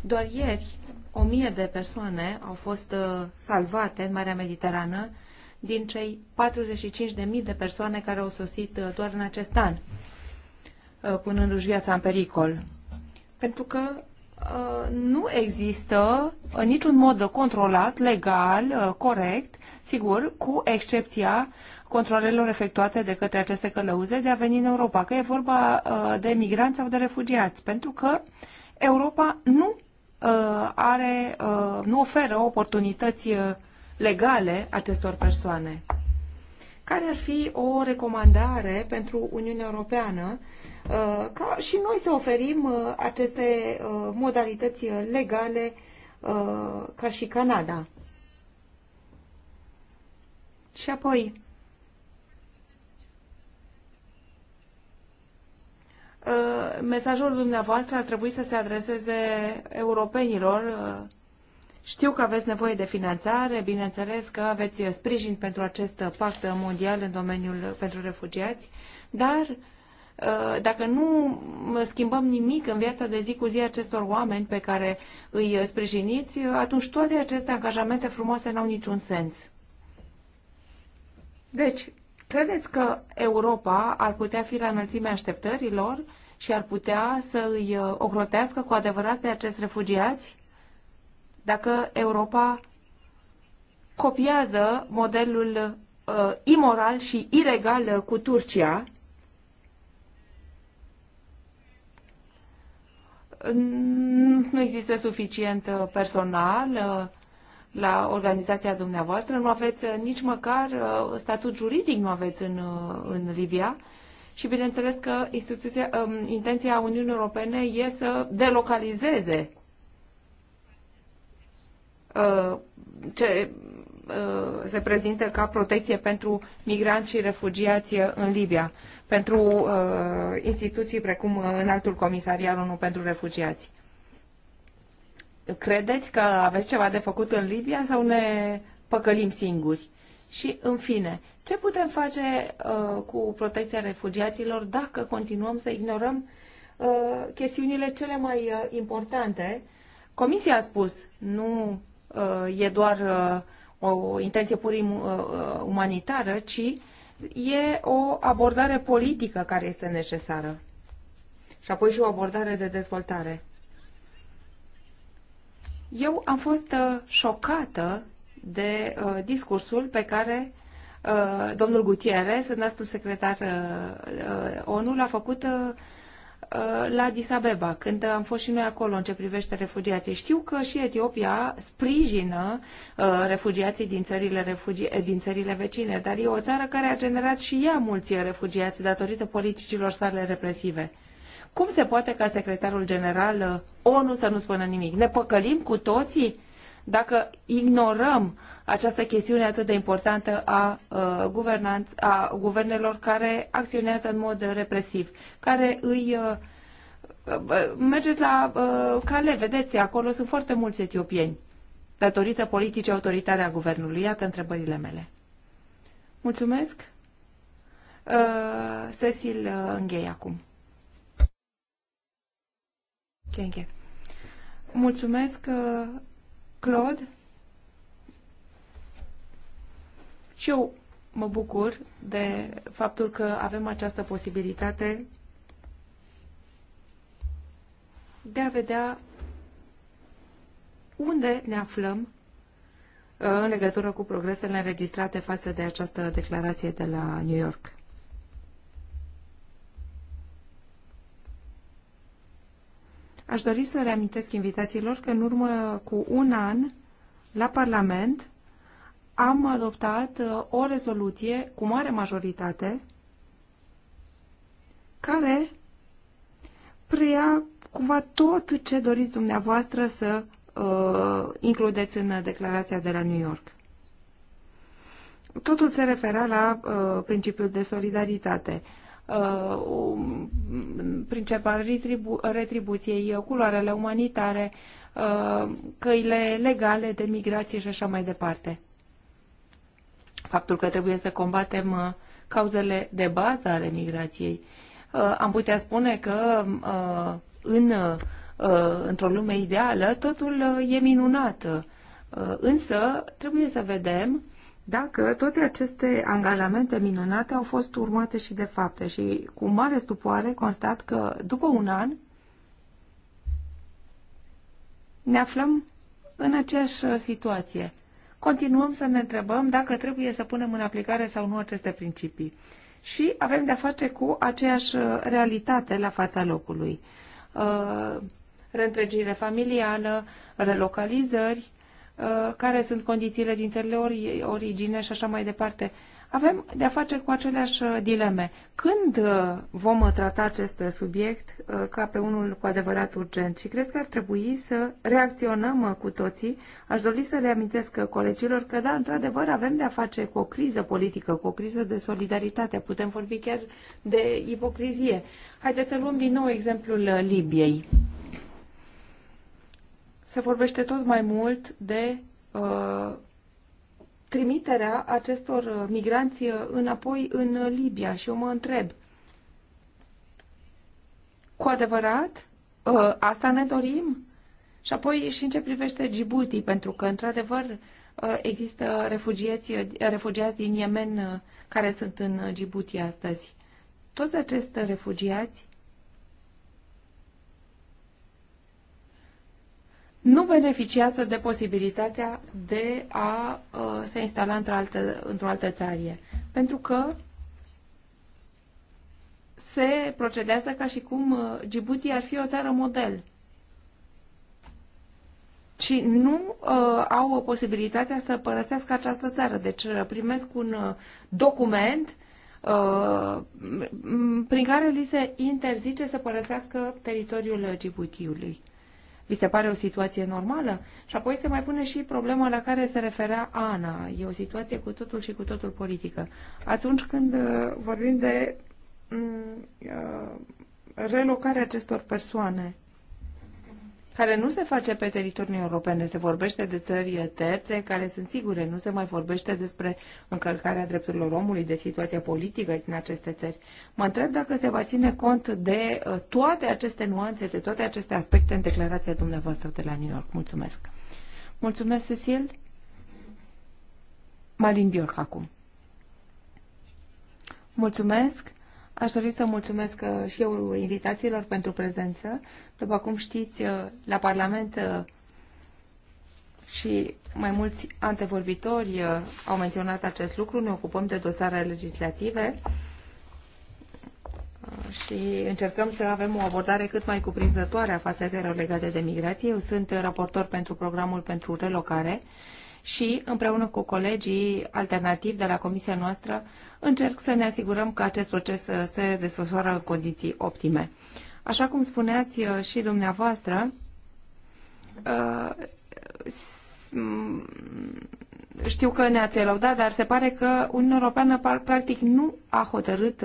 Doar ieri, o mie de persoane au fost uh, salvate în Marea Mediterană din cei 45.000 de persoane care au sosit uh, doar în acest an, uh, punându-și viața în pericol. Pentru că uh, există în niciun mod controlat, legal, uh, corect, sigur, cu excepția controlelor efectuate de către aceste călăuze de a veni în Europa, că e vorba uh, de migranți sau de refugiați, pentru că Europa nu uh, are, nu oferă oportunități legale acestor persoane. Care ar fi o recomandare pentru Uniunea Europeană Uh, ca și noi să oferim uh, aceste uh, modalități legale ca și Canada. Și apoi, mesajul dumneavoastră ar trebui să se adreseze europenilor. Știu că aveți nevoie de finanțare, bineînțeles că aveți sprijin pentru acest pact mondial în domeniul pentru refugiați, dar Uh, dacă nu schimbăm nimic în viața de zi cu zi acestor oameni pe care îi uh, sprijiniți, uh, atunci toate aceste angajamente frumoase n-au niciun sens. Deci, credeți că Europa ar putea fi la înălțimea așteptărilor și ar putea să îi ocrotească cu adevărat pe acești refugiați? Dacă Europa copiază modelul uh, imoral și ilegal cu Turcia, nu există suficient uh, personal uh, la organizația dumneavoastră, nu aveți uh, nici măcar statut juridic, nu aveți în, în Libia. Și bineînțeles că instituția, um, intenția Uniunii Europene e să delocalizeze ce se prezintă ca protecție pentru migranți și refugiați în Libia pentru uh, instituții precum uh, Înaltul Comisariat 1 pentru Refugiați. Credeți că aveți ceva de făcut în Libia sau ne păcălim singuri? Și, în fine, ce putem face uh, cu protecția refugiaților dacă continuăm să ignorăm uh, chestiunile cele mai uh, importante? Comisia a spus, nu uh, e doar uh, o intenție pur uh, umanitară, ci e o abordare politică care este necesară. Și apoi și o abordare de dezvoltare. Eu am fost uh, șocată de uh, discursul pe care uh, domnul Gutierrez, înaltul secretar uh, uh ONU, l-a făcut uh, Uh, la Disabeba, când am fost și noi acolo în ce privește refugiații. Știu că și Etiopia sprijină uh, refugiații din țările, refugi... din țările vecine, dar e o țară care a generat și ea mulți refugiați datorită politicilor sale represive. Cum se poate ca secretarul general uh, ONU să nu spună nimic? Ne păcălim cu toții? dacă ignorăm această chestiune atât de importantă a, uh, a guvernelor care acționează în mod represiv, care îi uh, uh, mergeți la uh, cale, vedeți, acolo sunt foarte mulți etiopieni, datorită politicii autoritare a guvernului. Iată întrebările mele. Mulțumesc. Uh, Cecil uh, închei acum. Închei. Mulțumesc. Uh, Claude, și eu mă bucur de faptul că avem această posibilitate de a vedea unde ne aflăm uh, în legătură cu progresele înregistrate față de această declarație de la New York. Aș dori să reamintesc invitațiilor că în urmă cu un an, la Parlament, am adoptat uh, o rezoluție cu mare majoritate care preia cumva tot ce doriți dumneavoastră să uh, includeți în declarația de la New York. Totul se refera la uh, principiul de solidaritate. Uh, Uh, um, principal retribu retribuției, uh, culoarele umanitare, uh, căile legale de migrație și așa mai departe. Faptul că trebuie să combatem cauzele de bază ale migrației. Am putea spune că în, într-o lume ideală totul e minunat, însă trebuie să vedem dacă toate aceste angajamente minunate au fost urmate și de fapte și cu mare stupoare constat că după un an ne aflăm în aceeași uh, situație. Continuăm să ne întrebăm dacă trebuie să punem în aplicare sau nu aceste principii. Și avem de-a face cu aceeași uh, realitate la fața locului. Uh, Reîntregire familială, relocalizări, Uh, care sunt condițiile din țările origine și așa mai departe. Avem de-a face cu aceleași uh, dileme. Când uh, vom trata acest subiect ca pe unul cu adevărat urgent? Și cred că ar trebui să reacționăm cu toții. Aș dori să le amintesc colegilor că, da, într-adevăr, avem de-a face cu o criză politică, cu o criză de solidaritate. Putem vorbi chiar de ipocrizie. Haideți să luăm din nou exemplul Libiei se vorbește tot mai mult de uh, trimiterea acestor uh, migranți uh, înapoi în uh, Libia și eu mă întreb, cu adevărat, uh, asta ne dorim? Și apoi și în ce privește Djibouti, pentru că, într-adevăr, există refugiați, refugiați din Yemen care sunt în Djibouti astăzi. Toți acești refugiați nu beneficiază de posibilitatea de a uh, se instala într-o altă, într altă țarie, pentru că se procedează ca și cum uh, Djibouti ar fi o țară model și nu uh, au posibilitatea să părăsească această țară. Deci uh, primesc un uh, document uh, prin care li se interzice să părăsească teritoriul uh, Djiboutiului. Vi se pare o situație normală? Și apoi se mai pune și problema la care se referea Ana. E o situație cu totul și cu totul politică. Atunci când uh, vorbim de mm, uh, relocarea acestor persoane, care nu se face pe teritoriul europene. Se vorbește de țări terțe care sunt sigure, nu se mai vorbește despre încălcarea drepturilor omului, de situația politică din aceste țări. Mă întreb dacă se va ține cont de uh, toate aceste nuanțe, de toate aceste aspecte în declarația dumneavoastră de la New York. Mulțumesc! Mulțumesc, Cecil! Malin Bjork acum. Mulțumesc! Aș dori să mulțumesc uh, și eu invitațiilor pentru prezență. După cum știți, uh, la Parlament uh, și mai mulți antevorbitori au menționat acest lucru. Ne ocupăm de dosare legislative și încercăm să avem o abordare cât mai cuprinzătoare a fațetelor legate de migrație. Eu sunt raportor pentru programul pentru relocare și, împreună cu colegii alternativi de la comisia noastră, încerc să ne asigurăm că acest proces uh, se desfășoară în condiții optime. Așa cum spuneați uh, și dumneavoastră, uh, știu că ne-ați elaudat, dar se pare că Uniunea Europeană practic nu a hotărât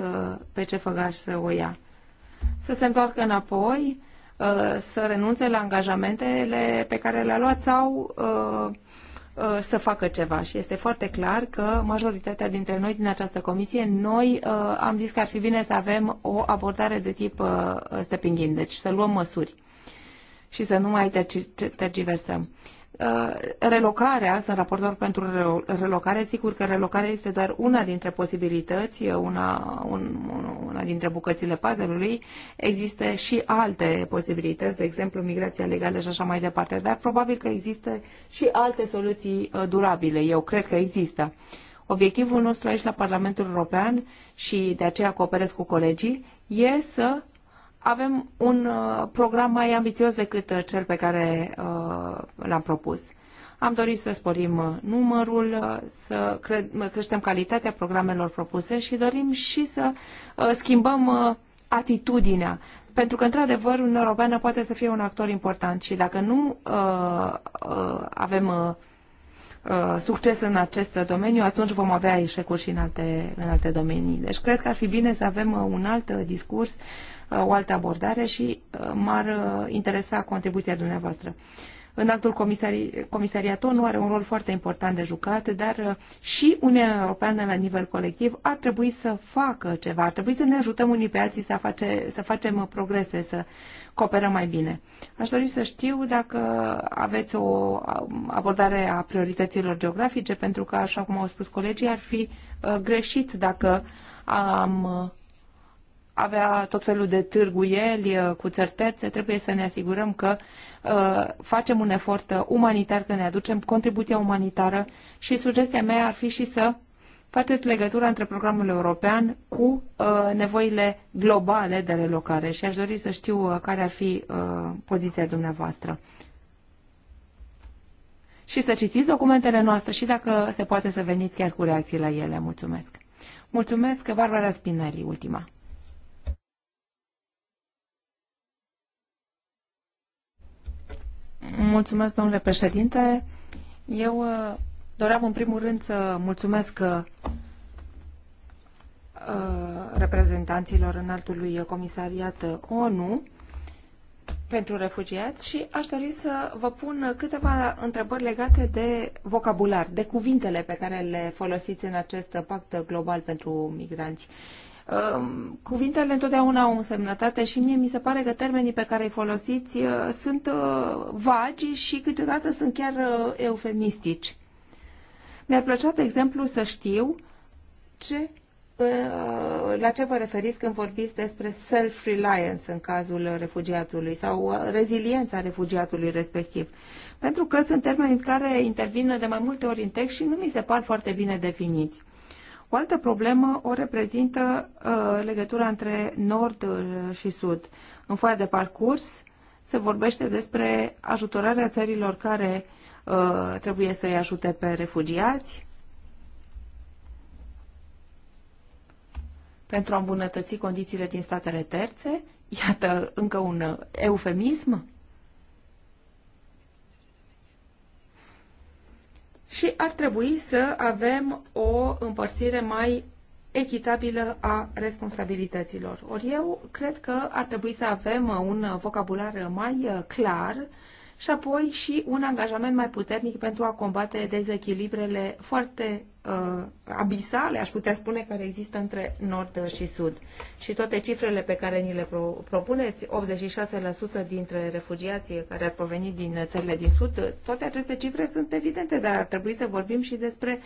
pe ce făgaș să o ia. Să se întoarcă înapoi, să renunțe la angajamentele pe care le-a luat sau Uh, să facă ceva și este foarte clar că majoritatea dintre noi din această comisie, noi uh, am zis că ar fi bine să avem o abordare de tip uh, stepping in, deci să luăm măsuri și să nu mai tergiversăm. Uh, relocarea, sunt raportor pentru relocare, sigur că relocarea este doar una dintre posibilități, una, un, una dintre bucățile puzzle-ului. Există și alte posibilități, de exemplu migrația legală și așa mai departe, dar probabil că există și alte soluții uh, durabile. Eu cred că există. Obiectivul nostru aici la Parlamentul European și de aceea cooperez cu colegii e să avem un uh, program mai ambițios decât uh, cel pe care uh, l-am propus. Am dorit să sporim numărul, să creștem calitatea programelor propuse și dorim și să schimbăm atitudinea. Pentru că, într-adevăr, Uniunea Europeană poate să fie un actor important și dacă nu avem succes în acest domeniu, atunci vom avea eșecuri și în alte, în alte domenii. Deci cred că ar fi bine să avem un alt discurs uh, Uh, o altă abordare și uh, m-ar uh, interesa contribuția dumneavoastră. În actul comisari, comisariatul nu are un rol foarte important de jucat, dar și Uniunea Europeană la nivel colectiv ar trebui să facă ceva, ar trebui să ne ajutăm unii pe alții să, face, să facem progrese, să cooperăm mai bine. Aș dori să știu dacă aveți o abordare a priorităților geografice, pentru că, așa cum au spus colegii, ar fi greșit dacă am avea tot felul de târguieli uh, cu țărtețe, trebuie să ne asigurăm că uh, facem un efort uh, umanitar, că ne aducem contribuția umanitară și sugestia mea ar fi și să faceți legătura între programul european cu uh, nevoile globale de relocare și aș dori să știu uh, care ar fi uh, poziția dumneavoastră. Și să citiți documentele noastre și dacă se poate să veniți chiar cu reacții la ele. Mulțumesc! Mulțumesc, Barbara Spinării, ultima. Mulțumesc, domnule președinte. Eu uh, doream în primul rând să mulțumesc uh, reprezentanților înaltului comisariat uh, ONU pentru refugiați și aș dori să vă pun câteva întrebări legate de vocabular, de cuvintele pe care le folosiți în acest pact global pentru migranți. Uh, Ehm, cuvintele întotdeauna au însemnătate și mie mi se pare că termenii pe care îi folosiți eh, sunt eh, vagi și câteodată sunt chiar eh, eufemistici. Mi-ar plăcea, de exemplu, să știu ce, la ce vă referiți când vorbiți despre self-reliance în cazul refugiatului sau reziliența refugiatului respectiv. Pentru că sunt termeni care intervin de mai multe ori în text și nu mi se par foarte bine definiți. O altă problemă o reprezintă uh, legătura între nord uh, și sud. În foaia de parcurs se vorbește despre ajutorarea țărilor care uh, trebuie să-i ajute pe refugiați pentru a îmbunătăți condițiile din statele terțe. Iată încă un eufemism. și ar trebui să avem o împărțire mai echitabilă a responsabilităților. Ori eu cred că ar trebui să avem un vocabular mai clar și apoi și un angajament mai puternic pentru a combate dezechilibrele foarte uh, abisale, aș putea spune, care există între nord și sud. Și toate cifrele pe care ni le pro- propuneți, 86% dintre refugiații care ar proveni din țările din sud, toate aceste cifre sunt evidente, dar ar trebui să vorbim și despre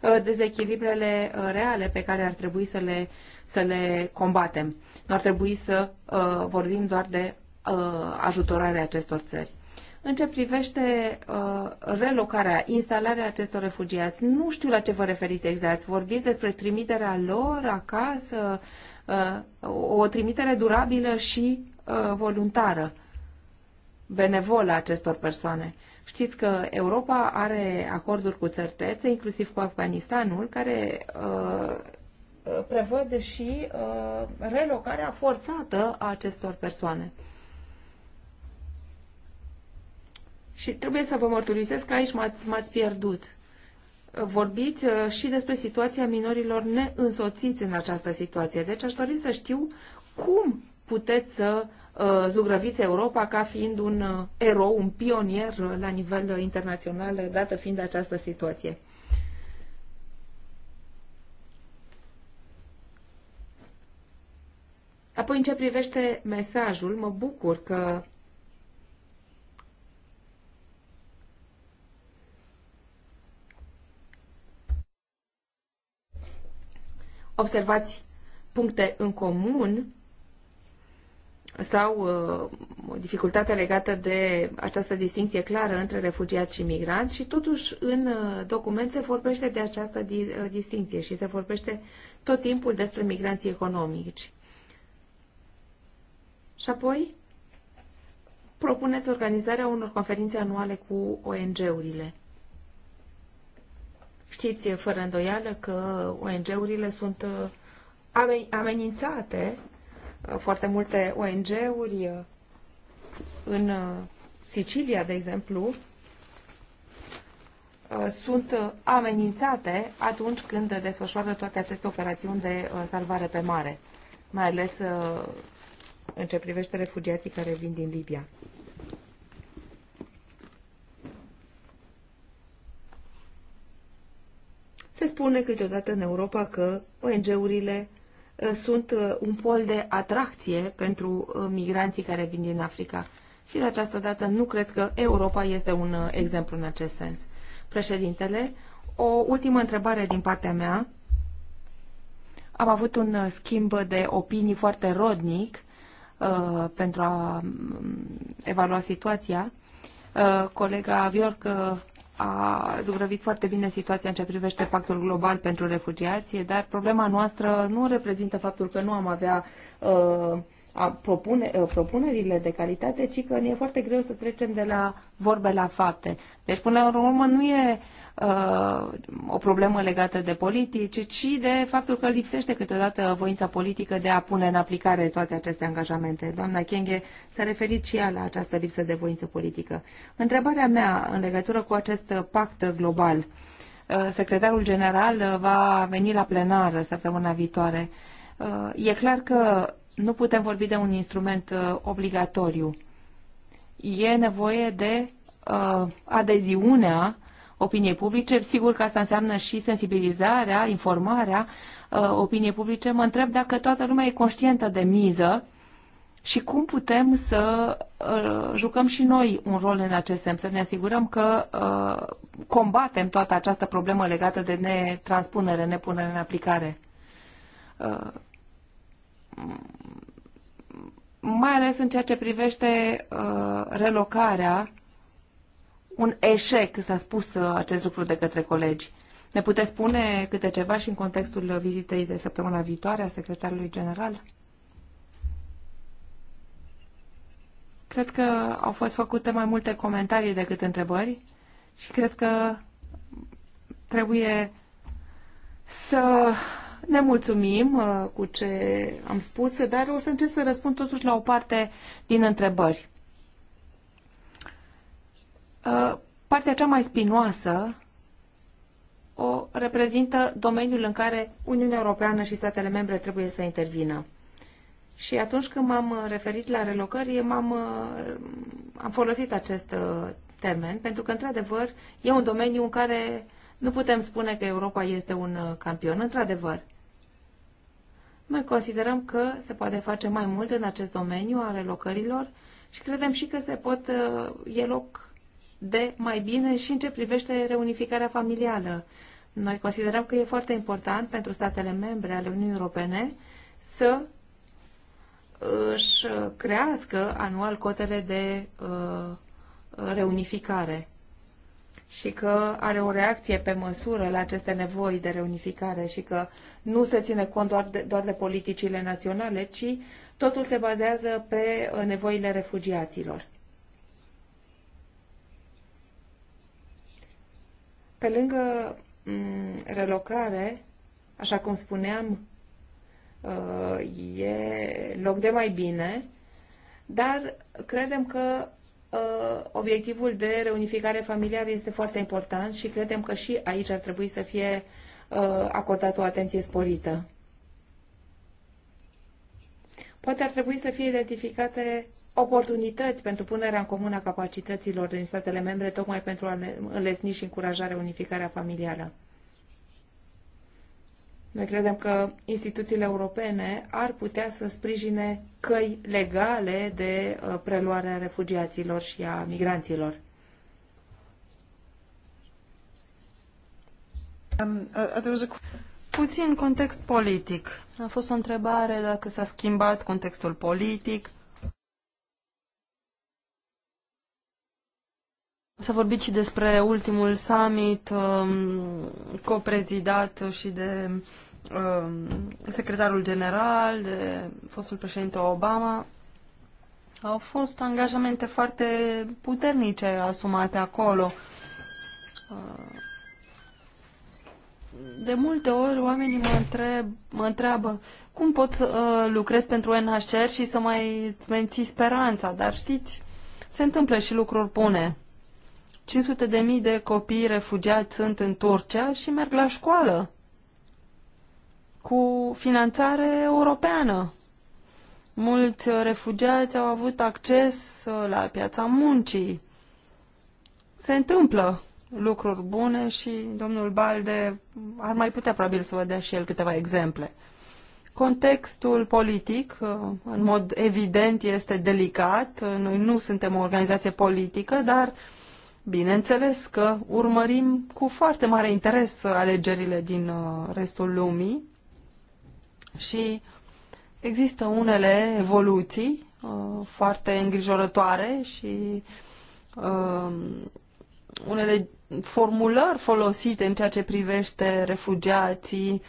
uh, dezechilibrele uh, reale pe care ar trebui să le, să le combatem. Nu ar trebui să uh, vorbim doar de uh, ajutorarea acestor țări. În ce privește uh, relocarea, instalarea acestor refugiați, nu știu la ce vă referiți exact. Vorbiți despre trimiterea lor acasă, uh, o trimitere durabilă și uh, voluntară, benevolă acestor persoane. Știți că Europa are acorduri cu țărtețe, inclusiv cu Afganistanul, care uh, uh, prevăd și uh, relocarea forțată a acestor persoane. Și trebuie să vă mărturisesc că aici m-ați, pierdut. Vorbiți uh, și despre situația minorilor neînsoțiți în această situație. Deci aș dori să știu cum puteți să uh, zugrăviți Europa ca fiind un uh, erou, un pionier la nivel internațional, dată fiind această situație. Apoi, în ce privește mesajul, mă bucur că observați puncte în comun sau uh, dificultatea legată de această distinție clară între refugiați și migranți și totuși în uh, document se vorbește de această di, uh, distinție și se vorbește tot timpul despre migranții economici. Și apoi propuneți organizarea unor conferințe anuale cu ONG-urile. Știți fără îndoială că ONG-urile sunt uh, amenințate, uh, foarte multe ONG-uri uh, în Sicilia, de exemplu, sunt amenințate atunci când desfășoară toate aceste operațiuni de salvare pe mare, mai ales în ce privește refugiații care vin din Libia. spune câteodată în Europa că ONG-urile uh, sunt uh, un pol de atracție pentru uh, migranții care vin din Africa. Și de această dată nu cred că Europa este un exemplu în acest sens. Președintele, o ultimă întrebare din partea mea. Am avut un schimb de opinii foarte rodnic uh, pentru a mm, evalua situația. Uh, colega Viorc a zugrăvit foarte bine situația în ce privește pactul global pentru refugiații, dar problema noastră nu reprezintă faptul că nu am avea uh, a propune, uh, propunerile de calitate, ci că ne e foarte greu să trecem de la vorbe la fapte. Deci, până la urmă, nu e uh, uh, o problemă legată de politici, ci de faptul că lipsește câteodată voința politică de a pune în aplicare toate aceste angajamente. Doamna Chenghe s-a referit și ea la această lipsă de voință politică. Întrebarea mea în legătură cu acest pact global, uh, secretarul general va veni la plenară săptămâna viitoare. Uh, e clar că nu putem vorbi de un instrument uh, obligatoriu. E nevoie de uh, adeziunea opiniei publice. Sigur că asta înseamnă și sensibilizarea, informarea uh, opiniei publice. Mă întreb dacă toată lumea e conștientă de miză și cum putem să uh, jucăm și noi un rol în acest sens, să ne asigurăm că uh, combatem toată această problemă legată de netranspunere, nepunere în aplicare mai ales în ceea ce privește uh, relocarea un eșec, s-a spus uh, acest lucru de către colegi. Ne puteți spune câte ceva și în contextul vizitei de săptămâna viitoare a secretarului general? Cred că au fost făcute mai multe comentarii decât întrebări și cred că trebuie să ne mulțumim uh, cu ce am spus, dar o să încerc să răspund totuși la o parte din întrebări. Uh, partea cea mai spinoasă o reprezintă domeniul în care Uniunea Europeană și statele membre trebuie să intervină. Și atunci când m-am referit la relocări, m-am, uh, am folosit acest uh, termen, pentru că, într-adevăr, e un domeniu în care nu putem spune că Europa este un campion. Într-adevăr, noi considerăm că se poate face mai mult în acest domeniu a relocărilor și credem și că se pot, e loc de mai bine și în ce privește reunificarea familială. Noi considerăm că e foarte important pentru statele membre ale Uniunii Europene să își crească anual cotele de uh, reunificare și că are o reacție pe măsură la aceste nevoi de reunificare și că nu se ține cont doar de, doar de politicile naționale, ci totul se bazează pe uh, nevoile refugiaților. Pe lângă mm, relocare, așa cum spuneam, uh, e loc de mai bine, dar credem că uh, obiectivul de reunificare familiară este foarte important și credem că și aici ar trebui să fie uh, acordată o atenție sporită. Poate ar trebui să fie identificate oportunități pentru punerea în comun a capacităților din statele membre, tocmai pentru a înlesni și încurajarea unificarea familială. Noi credem că instituțiile europene ar putea să sprijine căi legale de uh, preluare a refugiaților și a migranților. Um, uh, uh, Puțin context politic. A fost o întrebare dacă s-a schimbat contextul politic. S-a vorbit și despre ultimul summit um, coprezidat și de um, secretarul general, de fostul președinte Obama. Au fost angajamente foarte puternice asumate acolo. Uh, de multe ori oamenii mă, întreb, mă întreabă cum pot să uh, lucrez pentru NHR și să mai îți menții speranța, dar știți, se întâmplă și lucruri bune. 500 de mii de copii refugiați sunt în Turcia și merg la școală cu finanțare europeană. Mulți refugiați au avut acces uh, la piața muncii. Se întâmplă lucruri bune și domnul Balde ar mai putea probabil să vă dea și el câteva exemple. Contextul politic, uh, în mod evident, este delicat. Uh, noi nu suntem o organizație politică, dar bineînțeles că urmărim cu foarte mare interes alegerile din uh, restul lumii și există unele evoluții foarte îngrijorătoare și unele formulări folosite în ceea ce privește refugiații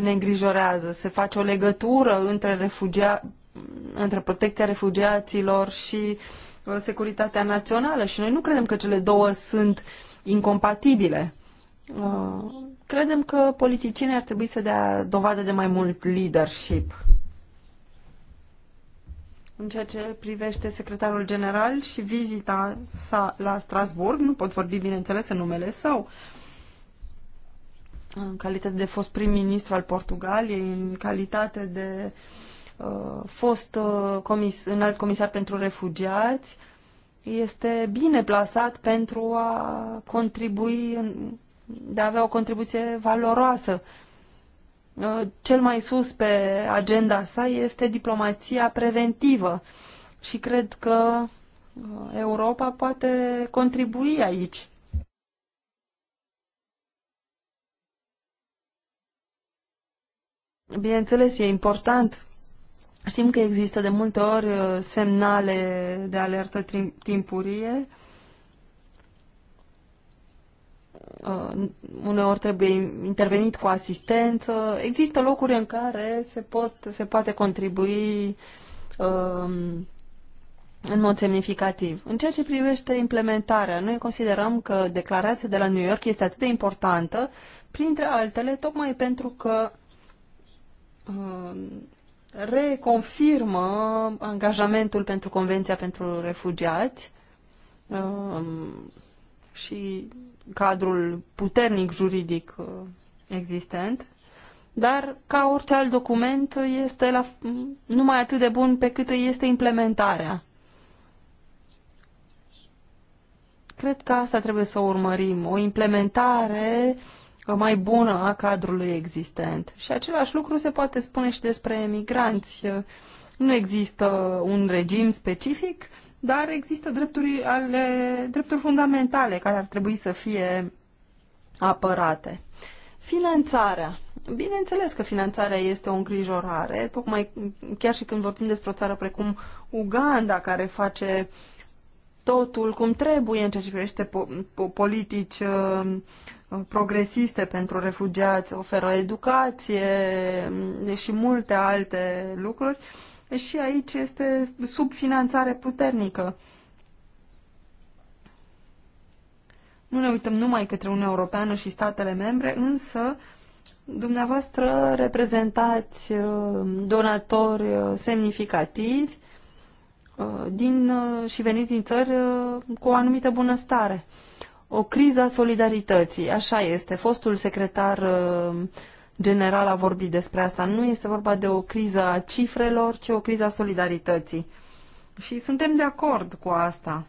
ne îngrijorează. Se face o legătură între, refugia... între protecția refugiaților și uh, securitatea națională și noi nu credem că cele două sunt incompatibile. Uh, credem că politicienii ar trebui să dea dovadă de mai mult leadership în ceea ce privește secretarul general și vizita sa la Strasburg. Nu pot vorbi, bineînțeles, în numele său. În calitate de fost prim-ministru al Portugaliei, în calitate de uh, fost uh, comis, înalt comisar pentru refugiați, este bine plasat pentru a contribui, de a avea o contribuție valoroasă uh, Uh, cel mai sus pe agenda sa este diplomația preventivă și cred că uh, Europa poate contribui aici. Bineînțeles, e important. Știm că există de multe ori uh, semnale de alertă timpurie Uh, uneori trebuie intervenit cu asistență. Există locuri în care se, pot, se poate contribui uh, în mod semnificativ. În ceea ce privește implementarea, noi considerăm că declarația de la New York este atât de importantă, printre altele, tocmai pentru că uh, reconfirmă angajamentul pentru Convenția pentru Refugiați Uh, și cadrul puternic juridic uh, existent, dar ca orice alt document este la, numai atât de bun pe cât este implementarea. Cred că asta trebuie să urmărim, o implementare uh, mai bună a cadrului existent. Și același lucru se poate spune și despre emigranți. Nu există un regim specific, dar există drepturi, ale, drepturi fundamentale care ar trebui să fie apărate. Finanțarea. Bineînțeles că finanțarea este o îngrijorare, tocmai chiar și când vorbim despre o țară precum Uganda, care face totul cum trebuie în ceea ce privește politici uh, progresiste pentru refugiați, oferă educație mm, și multe alte lucruri. Uh, și aici este subfinanțare puternică. Nu ne uităm numai către Uniunea Europeană și statele membre, însă dumneavoastră reprezentați uh, donatori uh, semnificativi uh, din, și veniți din țări cu o anumită bunăstare. O criză a solidarității, așa este. Fostul secretar general a vorbit despre asta. Nu este vorba de o criză a cifrelor, ci o criză a solidarității. Și suntem de acord cu asta.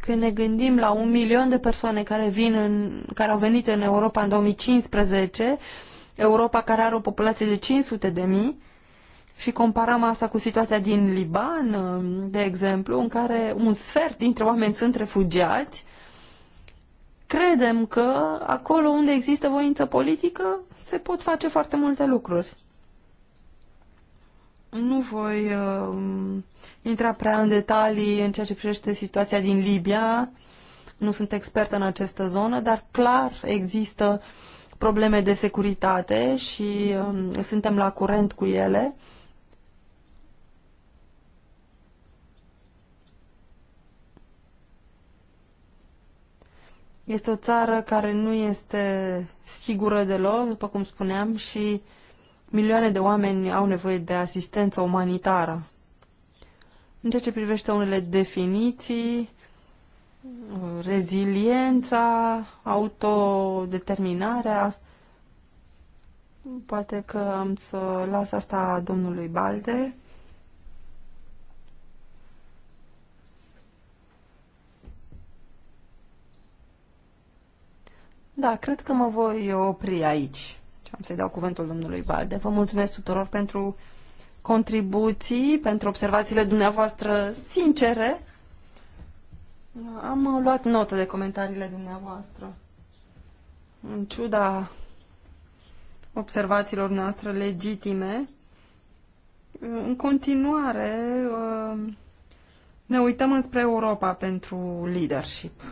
Când ne gândim la un milion de persoane care, vin în, care au venit în Europa în 2015, Europa care are o populație de 500 de mii, și comparăm asta cu situația din Liban, de exemplu, în care un sfert dintre oameni sunt refugiați, credem că acolo unde există voință politică se pot face foarte multe lucruri. Nu voi uh, intra prea în detalii în ceea ce privește situația din Libia. Nu sunt expertă în această zonă, dar clar există probleme de securitate și uh, suntem la curent cu ele. Uh, Este o țară care nu este sigură deloc, după cum spuneam, și milioane de oameni au nevoie de asistență umanitară. În ceea ce privește unele definiții, reziliența, autodeterminarea, poate că am să las asta domnului Balde. Da, cred că mă voi opri aici. Am să-i dau cuvântul domnului Balde. Vă mulțumesc tuturor pentru contribuții, pentru observațiile dumneavoastră sincere. Am luat notă de comentariile dumneavoastră. În ciuda observațiilor noastre legitime, în continuare uh, ne uităm înspre Europa pentru leadership.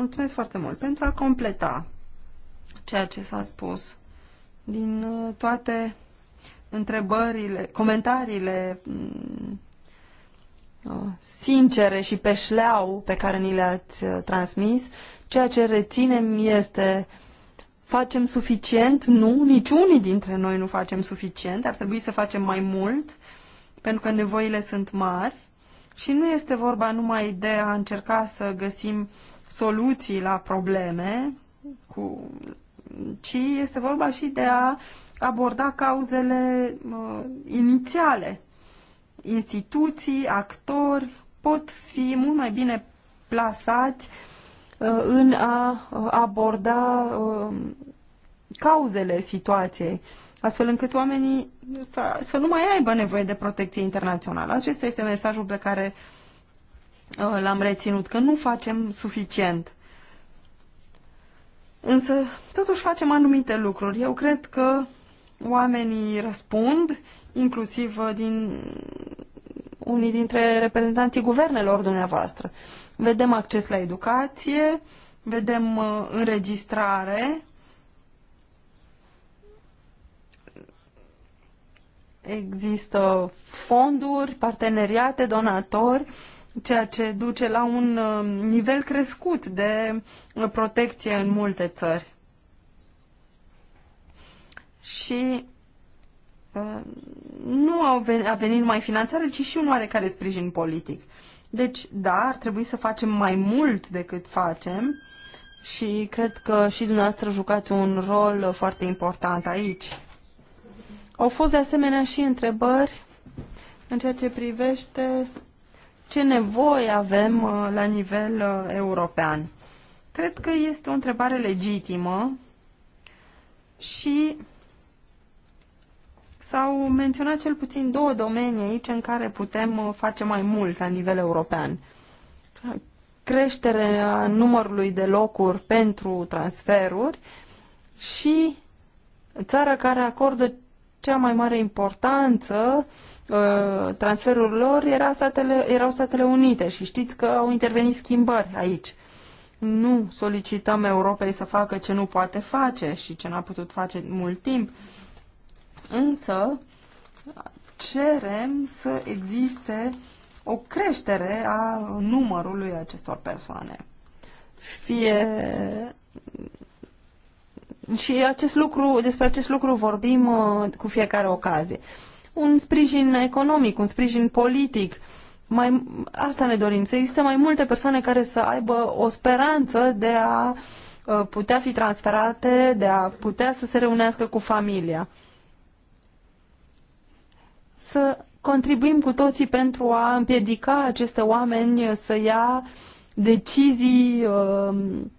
Mulțumesc foarte mult. Pentru a completa ceea ce s-a spus, din uh, toate întrebările, comentariile mm, uh, sincere și pe șleau pe care ni le-ați uh, transmis, ceea ce reținem este facem suficient? Nu, niciunii dintre noi nu facem suficient, ar trebui să facem mai mult, pentru că nevoile sunt mari și nu este vorba numai de a încerca să găsim uh, soluții la probleme, cu, ci este vorba și de a aborda cauzele uh, inițiale. Instituții, actori pot fi mult mai bine plasați uh, în a uh, aborda uh, cauzele situației, astfel încât oamenii să, să nu mai aibă nevoie de protecție internațională. Acesta este mesajul pe care uh, Uh, l-am reținut, că nu facem suficient. Însă, totuși facem anumite lucruri. Eu cred că oamenii răspund, inclusiv uh, din unii dintre reprezentanții guvernelor dumneavoastră. Vedem acces la educație, vedem uh, înregistrare. Există fonduri, parteneriate, donatori ceea ce duce la un uh, nivel crescut de protecție în multe țări. Și uh, nu au venit, a venit numai finanțare, ci și un oarecare sprijin politic. Deci, da, ar trebui să facem mai mult decât facem și cred că și dumneavoastră jucați un rol foarte important aici. Au fost de asemenea și întrebări în ceea ce privește ce nevoie avem uh, la nivel uh, european. Cred că este o întrebare legitimă și s-au menționat cel puțin două domenii aici în care putem uh, face mai mult la nivel european. Creșterea numărului de locuri pentru transferuri și țara care acordă cea mai mare importanță uh, Uh, transferul lor era statele, erau Statele Unite și știți că au intervenit schimbări aici. Nu solicităm Europei să facă ce nu poate face și ce n-a putut face mult timp, însă cerem să existe o creștere a numărului acestor persoane. Fie și acest lucru, despre acest lucru vorbim uh, cu fiecare ocazie un sprijin economic, un sprijin politic. Mai, asta ne dorim, să există mai multe persoane care să aibă o speranță de a uh, putea fi transferate, de a putea să se reunească cu familia. Să contribuim cu toții pentru a împiedica aceste oameni să ia decizii um,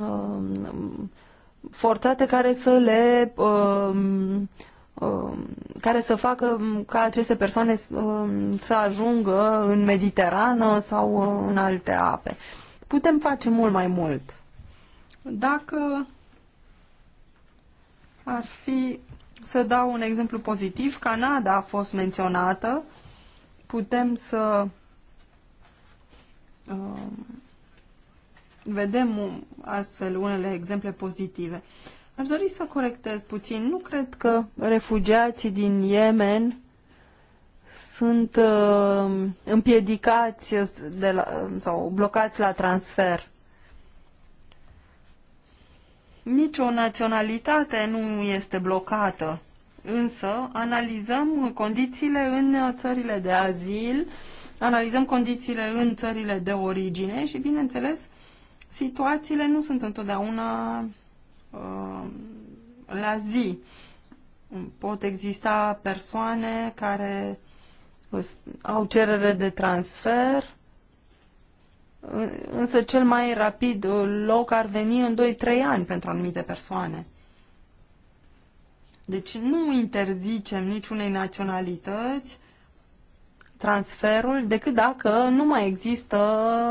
um, forțate care să le um, Um, care să facă ca aceste persoane um, să ajungă în Mediterană sau uh, în alte ape. Putem face mult mai mult. Dacă ar fi să dau un exemplu pozitiv, Canada a fost menționată. Putem să um, vedem astfel unele exemple pozitive. Aș dori să corectez puțin. Nu cred că refugiații din Yemen sunt uh, împiedicați de la, sau blocați la transfer. Nici o naționalitate nu este blocată, însă analizăm condițiile în țările de azil, analizăm condițiile în țările de origine și, bineînțeles, situațiile nu sunt întotdeauna Uh, la zi. Pot exista persoane care au cerere de transfer, însă cel mai rapid loc ar veni în 2-3 ani pentru anumite persoane. Deci nu interzicem niciunei naționalități transferul decât dacă nu mai există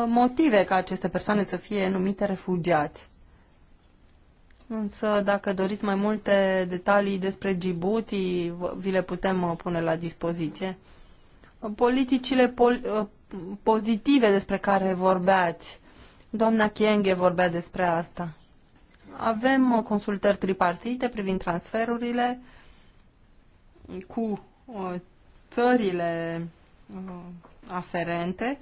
motive ca aceste persoane să fie numite refugiați. Însă, dacă doriți mai multe detalii despre Djibouti, vi le putem uh, pune la dispoziție. Politicile pol- uh, pozitive despre care vorbeați, doamna Chienghe vorbea despre asta. Avem uh, consultări tripartite privind transferurile cu țările aferente.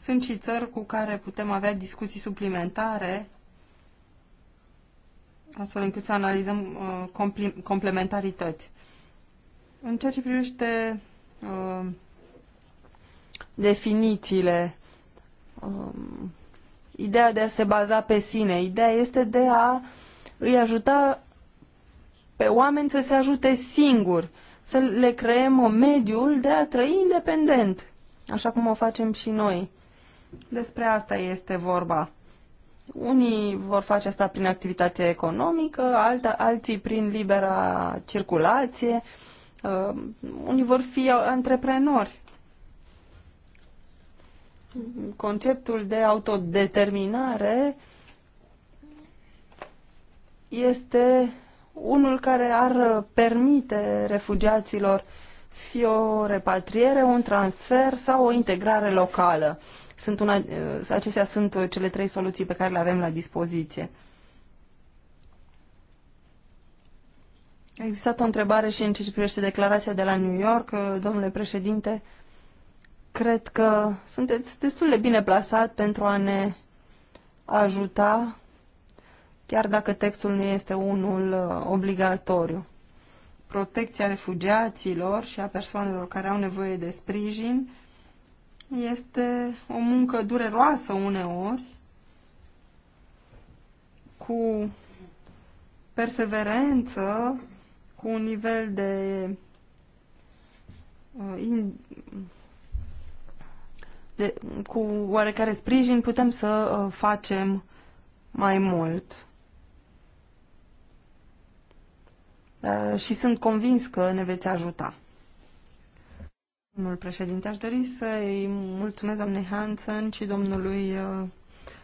Sunt și țări cu care putem avea discuții suplimentare astfel încât să analizăm uh, complementarități. În ceea ce privește uh, definițiile, uh, ideea de a se baza pe sine, ideea este de a îi ajuta pe oameni să se ajute singuri, să le creăm mediul de a trăi independent, așa cum o facem și noi. Despre asta este vorba. Unii vor face asta prin activitate economică, alta, alții prin libera circulație, uh, unii vor fi antreprenori. Conceptul de autodeterminare este unul care ar permite refugiaților fie o repatriere, un transfer sau o integrare locală. Sunt una, eh, acestea sunt eh, cele trei soluții pe care le avem la dispoziție. A existat o întrebare și în ceea ce privește declarația de la New York, eh, domnule președinte. Cred că sunteți destul de bine plasat pentru a ne ajuta, chiar dacă textul nu este unul obligatoriu. Protecția refugiaților și a persoanelor care au nevoie de sprijin este o muncă dureroasă uneori, cu perseverență, cu un nivel de, uh, de cu oarecare sprijin putem să uh, facem mai mult. Uh, și sunt convins că ne veți ajuta. Domnul președinte, aș dori să-i mulțumesc domnului Hansen și domnului uh,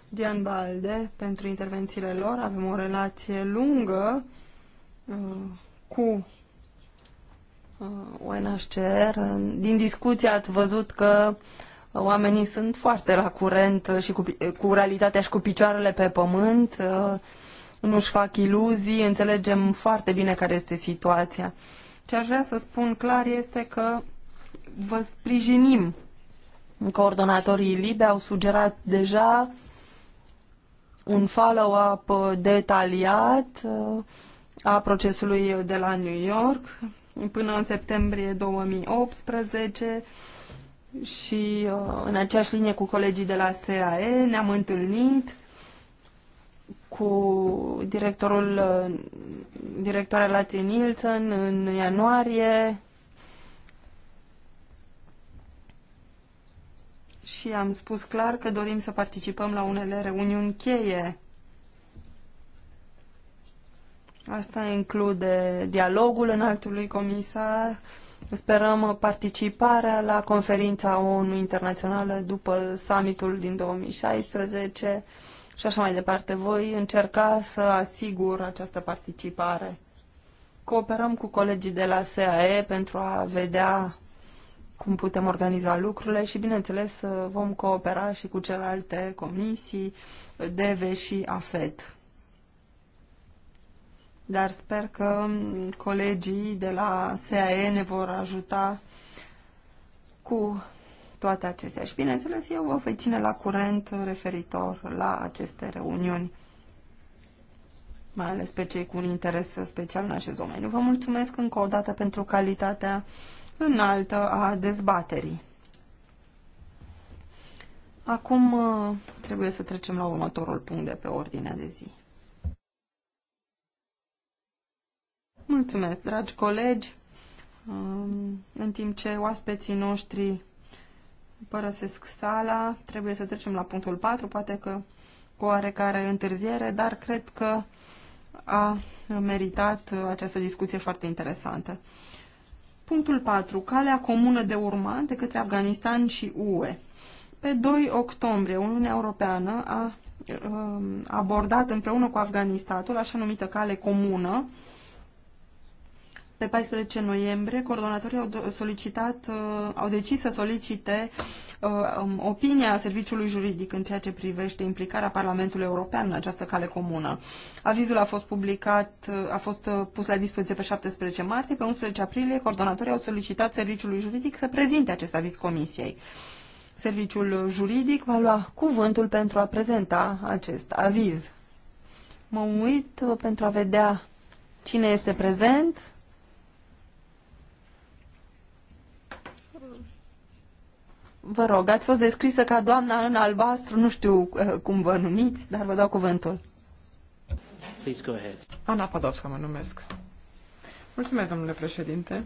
Dian Balde pentru intervențiile lor. Avem o relație lungă uh, cu UNHCR. Uh, Din discuție ați văzut că oamenii sunt foarte la curent și cu, cu realitatea și cu picioarele pe pământ, nu-și fac iluzii, înțelegem foarte bine care este situația. Ce aș vrea să spun clar este că vă sprijinim. Coordonatorii LIBE au sugerat deja un follow-up detaliat uh, a procesului de la New York până în septembrie 2018 și uh, în aceeași linie cu colegii de la SAE ne-am întâlnit cu directorul uh, directoarea Lații Nielsen în ianuarie și am spus clar că dorim să participăm la unele reuniuni cheie. Asta include dialogul înaltului comisar, sperăm participarea la conferința ONU internațională după summitul din 2016 și așa mai departe. Voi încerca să asigur această participare. Cooperăm cu colegii de la SAE pentru a vedea cum putem organiza lucrurile și, bineînțeles, vom coopera și cu celelalte comisii, DEVE și AFET. Dar sper că colegii de la SAE ne vor ajuta cu toate acestea. Și, bineînțeles, eu vă voi ține la curent referitor la aceste reuniuni, mai ales pe cei cu un interes special în acest domeniu. Vă mulțumesc încă o dată pentru calitatea înaltă a dezbaterii. Acum uh, trebuie să trecem la următorul punct de pe ordinea de zi. Mulțumesc, dragi colegi! Um, în timp ce oaspeții noștri părăsesc sala, trebuie să trecem la punctul 4, poate că cu oarecare întârziere, dar cred că a meritat această discuție foarte interesantă. Punctul 4. Calea comună de urmat de către Afganistan și UE. Pe 2 octombrie, Uniunea Europeană a um, abordat împreună cu Afganistanul așa numită cale comună pe 14 noiembrie, coordonatorii au solicitat, uh, au decis să solicite uh, um, opinia serviciului juridic în ceea ce privește implicarea Parlamentului European în această cale comună. Avizul a fost publicat, uh, a fost pus la dispoziție pe 17 martie, pe 11 aprilie coordonatorii au solicitat serviciului juridic să prezinte acest aviz comisiei. Serviciul juridic va lua cuvântul pentru a prezenta acest aviz. Mă uit pentru a vedea cine este prezent. Vă rog, ați fost descrisă ca doamna în albastru, nu știu eh, cum vă numiți, dar vă dau cuvântul. Please go ahead. Ana Padovska mă numesc. Mulțumesc, domnule președinte,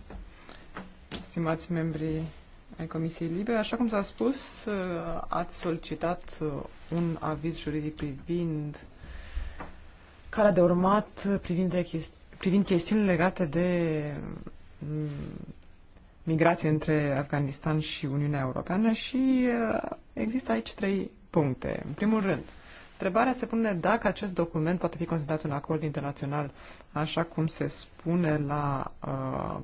stimați membrii ai Comisiei Libe. Așa cum s-a spus, eh, ați solicitat eh, un aviz juridic privind calea de urmat privind, de chesti- privind chestiuni legate de mm, migrație între Afganistan și Uniunea Europeană și uh, există aici trei puncte. În primul rând, întrebarea se pune dacă acest document poate fi considerat un acord internațional, așa cum se spune la uh,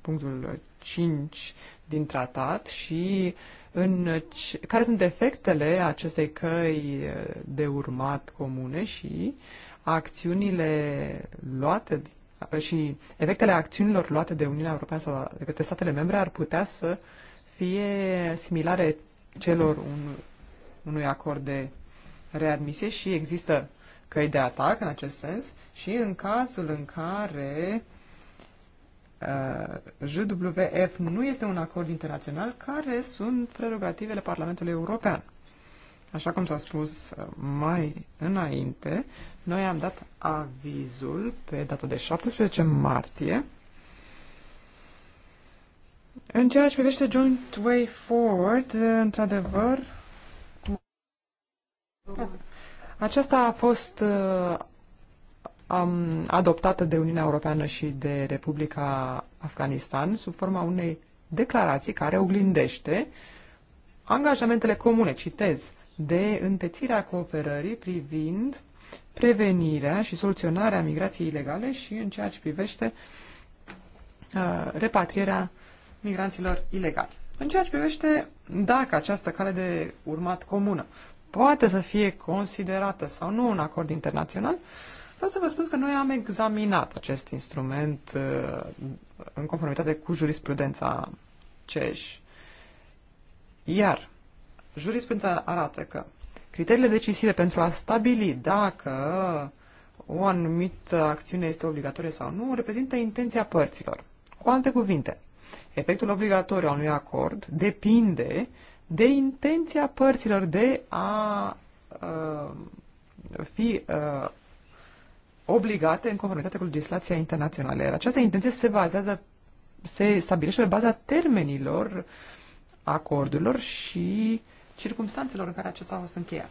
punctul 5 din tratat și în ce, care sunt defectele acestei căi de urmat comune și acțiunile luate și efectele acțiunilor luate de Uniunea Europeană sau de către statele membre ar putea să fie similare celor un, unui acord de readmisie și există căi de atac în acest sens și în cazul în care uh, JWF nu este un acord internațional, care sunt prerogativele Parlamentului European. Așa cum s-a spus uh, mai înainte, noi am dat avizul pe data de 17 martie în ceea ce privește Joint Way Forward, într-adevăr, aceasta a fost um, adoptată de Uniunea Europeană și de Republica Afganistan sub forma unei declarații care oglindește angajamentele comune, citez, de întețirea cooperării privind prevenirea și soluționarea migrației ilegale și în ceea ce privește uh, repatrierea migranților ilegali. În ceea ce privește dacă această cale de urmat comună poate să fie considerată sau nu un acord internațional, vreau să vă spun că noi am examinat acest instrument uh, în conformitate cu jurisprudența CEJ. Iar jurisprudența arată că Criteriile decisive pentru a stabili dacă o anumită acțiune este obligatorie sau nu reprezintă intenția părților. Cu alte cuvinte, efectul obligatoriu al unui acord depinde de intenția părților de a uh, fi uh, obligate în conformitate cu legislația internațională. Iar această intenție se bazează, se stabilește pe baza termenilor acordurilor și circumstanțelor în care acesta a fost încheiat.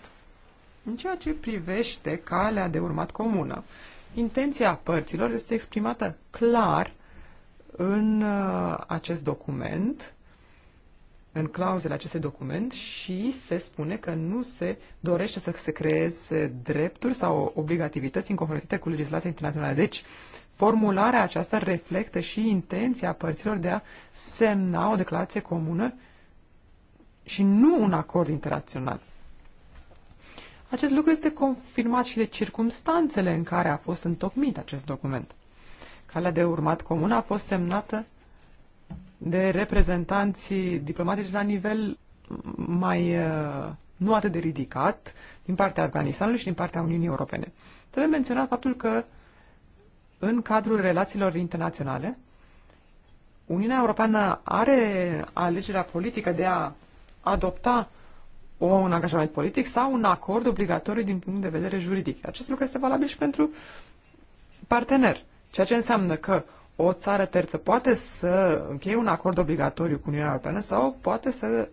În ceea ce privește calea de urmat comună, intenția părților este exprimată clar în uh, acest document, în clauzele acestui document și se spune că nu se dorește să se creeze drepturi sau obligativități în conformitate cu legislația internațională. Deci, formularea aceasta reflectă și intenția părților de a semna o declarație comună și nu un acord internațional. Acest lucru este confirmat și de circumstanțele în care a fost întocmit acest document. Calea de urmat comun a fost semnată de reprezentanții diplomatici la nivel mai uh, nu atât de ridicat din partea Afganistanului și din partea Uniunii Europene. Trebuie menționat faptul că în cadrul relațiilor internaționale, Uniunea Europeană are alegerea politică de a adopta o, un angajament politic sau un acord obligatoriu din punct de vedere juridic. Acest lucru este valabil și pentru partener, ceea ce înseamnă că o țară terță poate să încheie un acord obligatoriu cu Uniunea Europeană sau poate să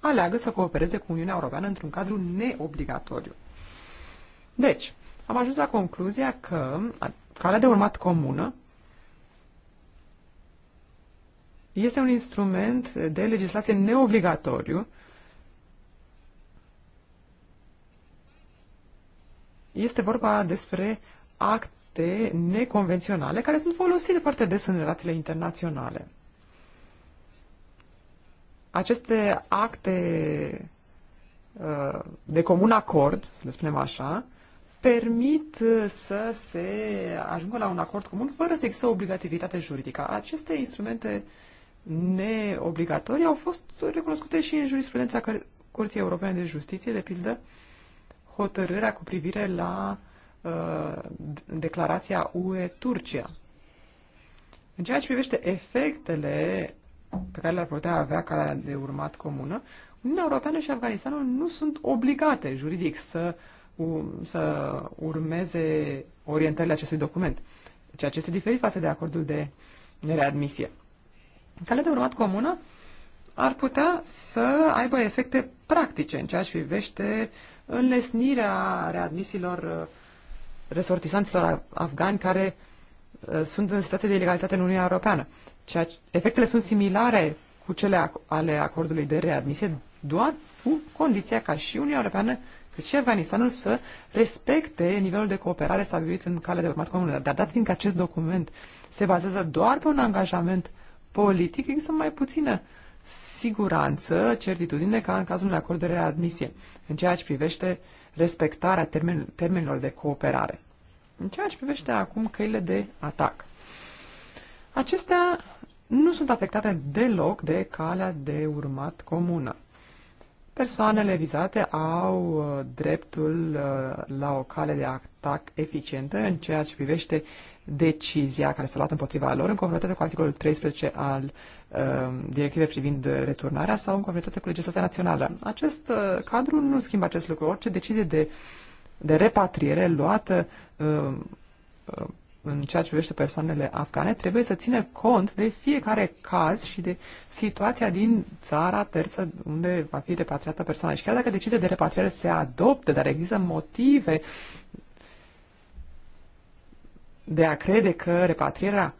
aleagă să coopereze cu Uniunea Europeană într-un cadru neobligatoriu. Deci, am ajuns la concluzia că calea de urmat comună Este un instrument de legislație neobligatoriu. Este vorba despre acte neconvenționale care sunt folosite foarte des în relațiile internaționale. Aceste acte uh, de comun acord, să le spunem așa, permit uh, să se ajungă la un acord comun fără să există obligativitate juridică. Aceste instrumente uh, neobligatorii au fost recunoscute și în jurisprudența Curții Europene de Justiție, de pildă hotărârea cu privire la uh, declarația UE-Turcia. În ceea ce privește efectele pe care le-ar putea avea ca de urmat comună, Uniunea Europeană și Afganistanul nu sunt obligate juridic să, um, să urmeze orientările acestui document, ceea ce este diferit față de acordul de readmisie. Calea de urmat comună ar putea să aibă efecte practice în ceea ce privește înlesnirea readmisilor uh, resortisanților afgani care uh, sunt în situație de ilegalitate în Uniunea Europeană. Ceea ce, efectele sunt similare cu cele ale acordului de readmisie, doar cu condiția ca și Uniunea Europeană cât și Afganistanul să respecte nivelul de cooperare stabilit în calea de urmat comună. Dar dat fiindcă acest document se bazează doar pe un angajament uh, politic există mai puțină siguranță, certitudine ca în cazul unui acord de readmisie, în ceea ce privește respectarea termen, termenilor de cooperare. În ceea ce privește acum căile de atac. Acestea nu sunt afectate deloc de calea de urmat comună. Persoanele vizate au uh, dreptul uh, la o cale de atac eficientă în ceea ce privește decizia care s-a luat împotriva lor în conformitate cu articolul 13 al uh, directivei privind returnarea sau în conformitate cu legislația națională. Acest uh, cadru nu schimbă acest lucru. Orice decizie de, de repatriere luată uh, uh, în ceea ce privește persoanele afgane, trebuie să țină cont de fiecare caz și de situația din țara terță unde va fi repatriată persoana. Și chiar dacă decizia de repatriere se adoptă, dar există motive de a crede că repatrierea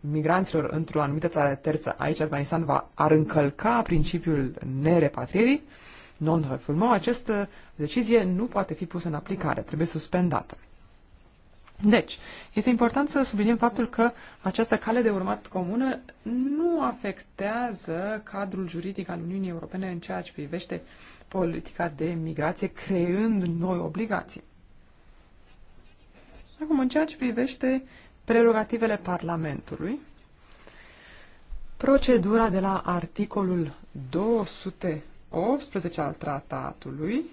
migranților într-o anumită țară terță, aici Afganistan, va, ar încălca principiul nerepatrierii, non-refoulement, această decizie nu poate fi pusă în aplicare, trebuie suspendată. Deci, este important să subliniem faptul că această cale de urmat comună nu afectează cadrul juridic al Uniunii Europene în ceea ce privește politica de migrație, creând noi obligații. Acum, în ceea ce privește prerogativele Parlamentului, procedura de la articolul 218 al tratatului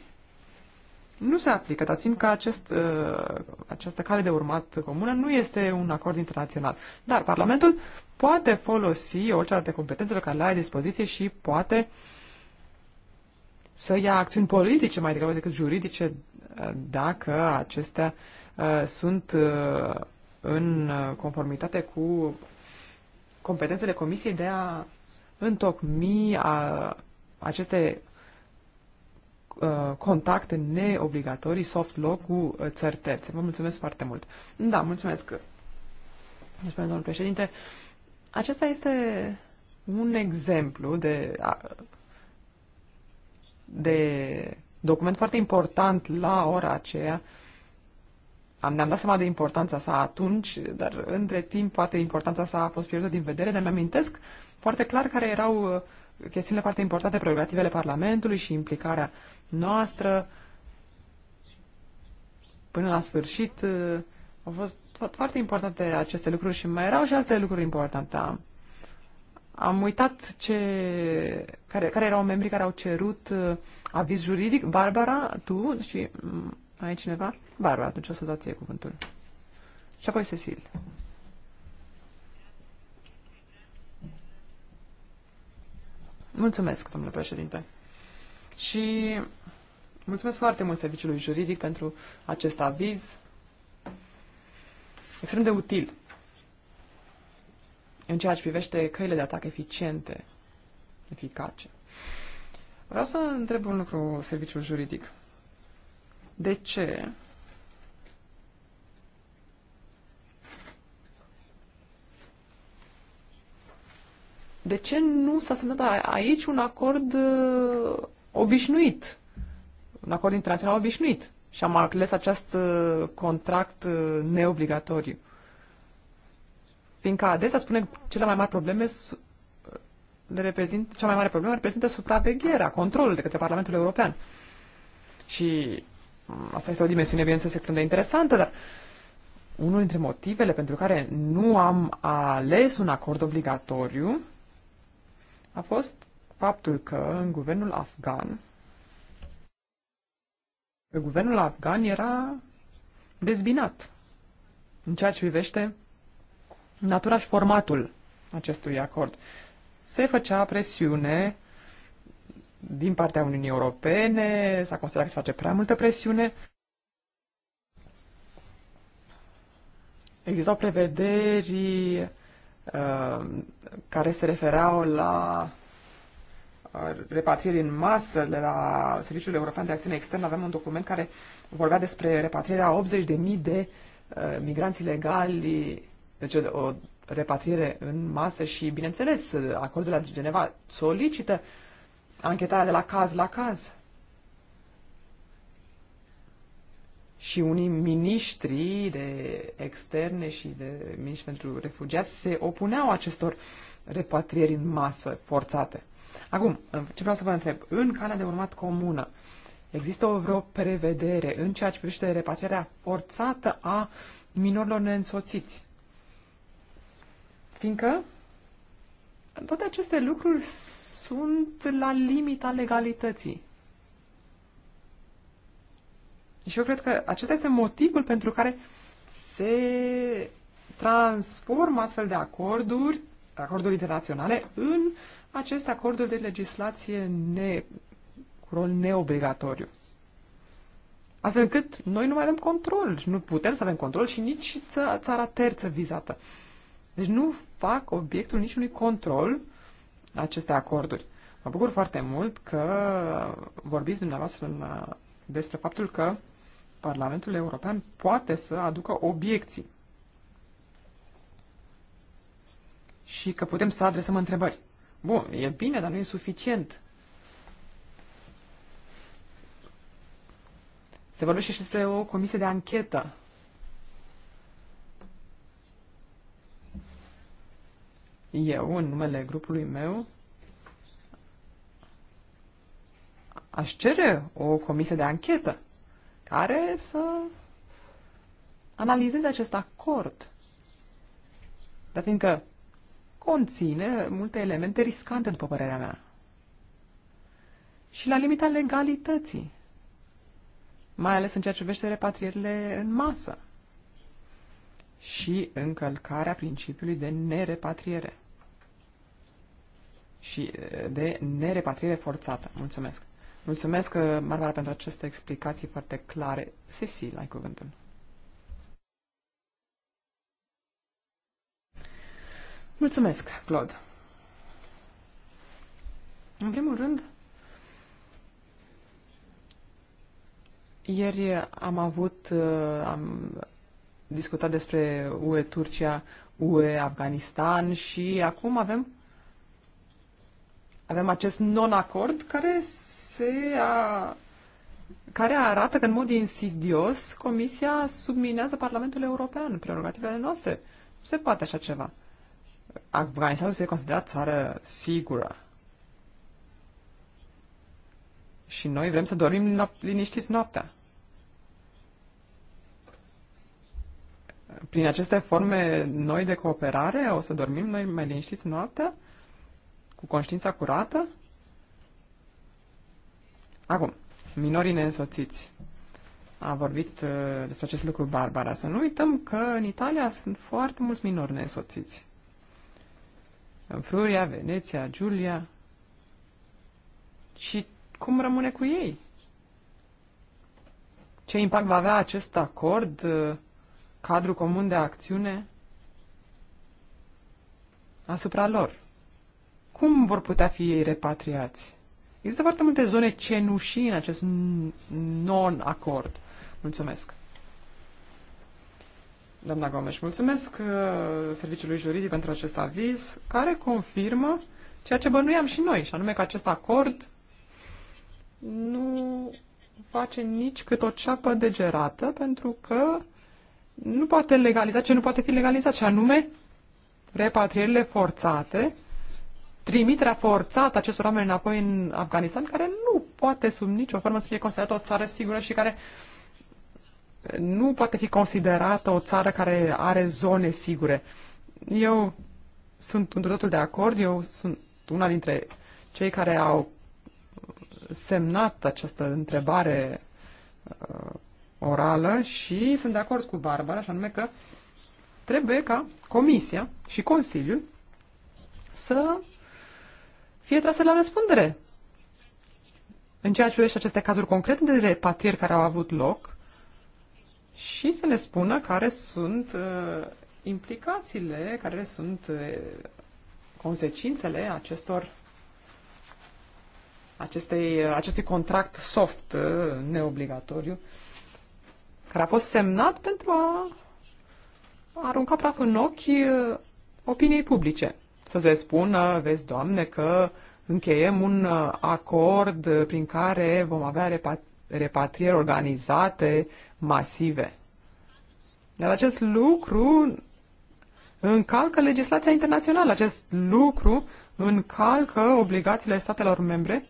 nu se aplică, dat fiind că acest, uh, această cale de urmat comună nu este un acord internațional. Dar Parlamentul poate folosi orice alte competențe pe care le are dispoziție și poate să ia acțiuni politice mai degrabă decât juridice uh, dacă acestea uh, Uh, sunt uh, în uh, conformitate cu competențele Comisiei de a întocmi a, aceste contacte neobligatorii, soft law, cu țări terțe. Vă mulțumesc foarte mult. Da, mulțumesc, spune domnul președinte. Acesta este un exemplu de, de document foarte important la ora aceea am, ne-am dat seama de importanța sa atunci, dar între timp poate importanța sa a fost pierdută din vedere, dar mi-amintesc foarte clar care erau uh, chestiunile foarte importante, prerogativele Parlamentului și implicarea noastră. Până la sfârșit uh, au fost foarte importante aceste lucruri și mai erau și alte lucruri importante. Am, am uitat ce, care, care erau membrii care au cerut uh, aviz juridic, Barbara, tu și e cineva? Barbara, atunci o să dau ție cuvântul. Și apoi Cecil. Mulțumesc, domnule președinte. Și mulțumesc foarte mult serviciului juridic pentru acest aviz extrem de util în ceea ce privește căile de atac eficiente, eficace. Vreau să întreb un lucru serviciul juridic de ce de ce nu s-a semnat aici un acord uh, obișnuit, un acord internațional obișnuit și am ales acest uh, contract uh, neobligatoriu. Fiindcă adesea spune cele mai mari probleme le reprezintă, cea mai mare problemă reprezintă supravegherea, controlul de către Parlamentul European. Și asta este o dimensiune, bineînțeles, extrem de interesantă, dar unul dintre motivele pentru care nu am ales un acord obligatoriu a fost faptul că în guvernul afgan, guvernul afgan era dezbinat în ceea ce privește natura și formatul acestui acord. Se făcea presiune din partea Uniunii Europene, s-a considerat că se face prea multă presiune. Existau prevederi uh, care se refereau la uh, repatrieri în masă de la Serviciul European de Acțiune Externă. Aveam un document care vorbea despre repatrierea 80.000 de uh, migranți ilegali, deci o repatriere în masă și, bineînțeles, acordul de la Geneva solicită uh, anchetarea de la caz la caz. și unii miniștri de externe și de miniștri pentru refugiați se opuneau acestor repatrieri în masă forțate. Acum, ce vreau să vă întreb, în calea de urmat comună, există o vreo prevedere în ceea ce privește repatrierea forțată a minorilor neînsoțiți? Fiindcă toate aceste lucruri sunt la limita legalității. Și eu cred că acesta este motivul pentru care se transformă astfel de acorduri, acorduri internaționale, în aceste acorduri de legislație ne, cu rol neobligatoriu. Astfel încât noi nu mai avem control și nu putem să avem control și nici țara terță vizată. Deci nu fac obiectul niciunui control aceste acorduri. Mă bucur foarte mult că vorbiți dumneavoastră în, despre faptul că Parlamentul European poate să aducă obiecții și că putem să adresăm întrebări. Bun, e bine, dar nu e suficient. Se vorbește și despre o comisie de anchetă eu, în numele grupului meu, aș cere o comisie de anchetă care să analizeze acest acord. Dar fiindcă conține multe elemente riscante, după părerea mea. Și la limita legalității, mai ales în ceea ce privește repatrierile în masă și încălcarea principiului de nerepatriere și eh, de nerepatriere forțată. Mulțumesc! Mulțumesc, eh, Barbara, pentru aceste explicații foarte clare. Cecil, ai cuvântul. Mulțumesc, Claude. În primul rând, ieri am avut, eh, am discutat despre UE-Turcia, UE-Afganistan și acum avem avem acest non-acord care se a, care arată că în mod insidios Comisia subminează Parlamentul European, prerogativele noastre. Nu se poate așa ceva. Afganistanul fie considerat țară sigură. Și noi vrem să dormim liniștiți noaptea. Prin aceste forme noi de cooperare o să dormim noi mai liniștiți noaptea? Cu conștiința curată? Acum, minorii neînsoțiți. A vorbit uh, despre acest lucru Barbara. Să nu uităm că în Italia sunt foarte mulți minori neînsoțiți. În Fruria, Veneția, Giulia. Și cum rămâne cu ei? Ce impact va avea acest acord, uh, cadru comun de acțiune asupra lor? cum vor putea fi ei repatriați? Există foarte multe zone cenușii în acest non-acord. Mulțumesc. Doamna Gomes, mulțumesc uh, Serviciului Juridic pentru acest aviz care confirmă ceea ce bănuiam și noi, și anume că acest acord nu face nici cât o ceapă degerată pentru că nu poate legaliza ce nu poate fi legalizat, și anume repatrierile forțate trimiterea forțată acestor oameni înapoi în Afganistan, care nu poate sub nicio formă să fie considerată o țară sigură și care nu poate fi considerată o țară care are zone sigure. Eu sunt într totul de acord, eu sunt una dintre cei care au semnat această întrebare uh, orală și sunt de acord cu Barbara, așa nume că trebuie ca Comisia și Consiliul să fie trase la răspundere. În ceea ce privește aceste cazuri concrete de repatrieri care au avut loc și să ne spună care sunt uh, implicațiile, care sunt uh, consecințele acestor acestei, uh, acestui contract soft uh, neobligatoriu care a fost semnat pentru a arunca praf în ochi uh, opiniei publice să se spună, vezi, Doamne, că încheiem un uh, acord prin care vom avea repatrieri organizate masive. Dar acest lucru încalcă legislația internațională. Acest lucru încalcă obligațiile statelor membre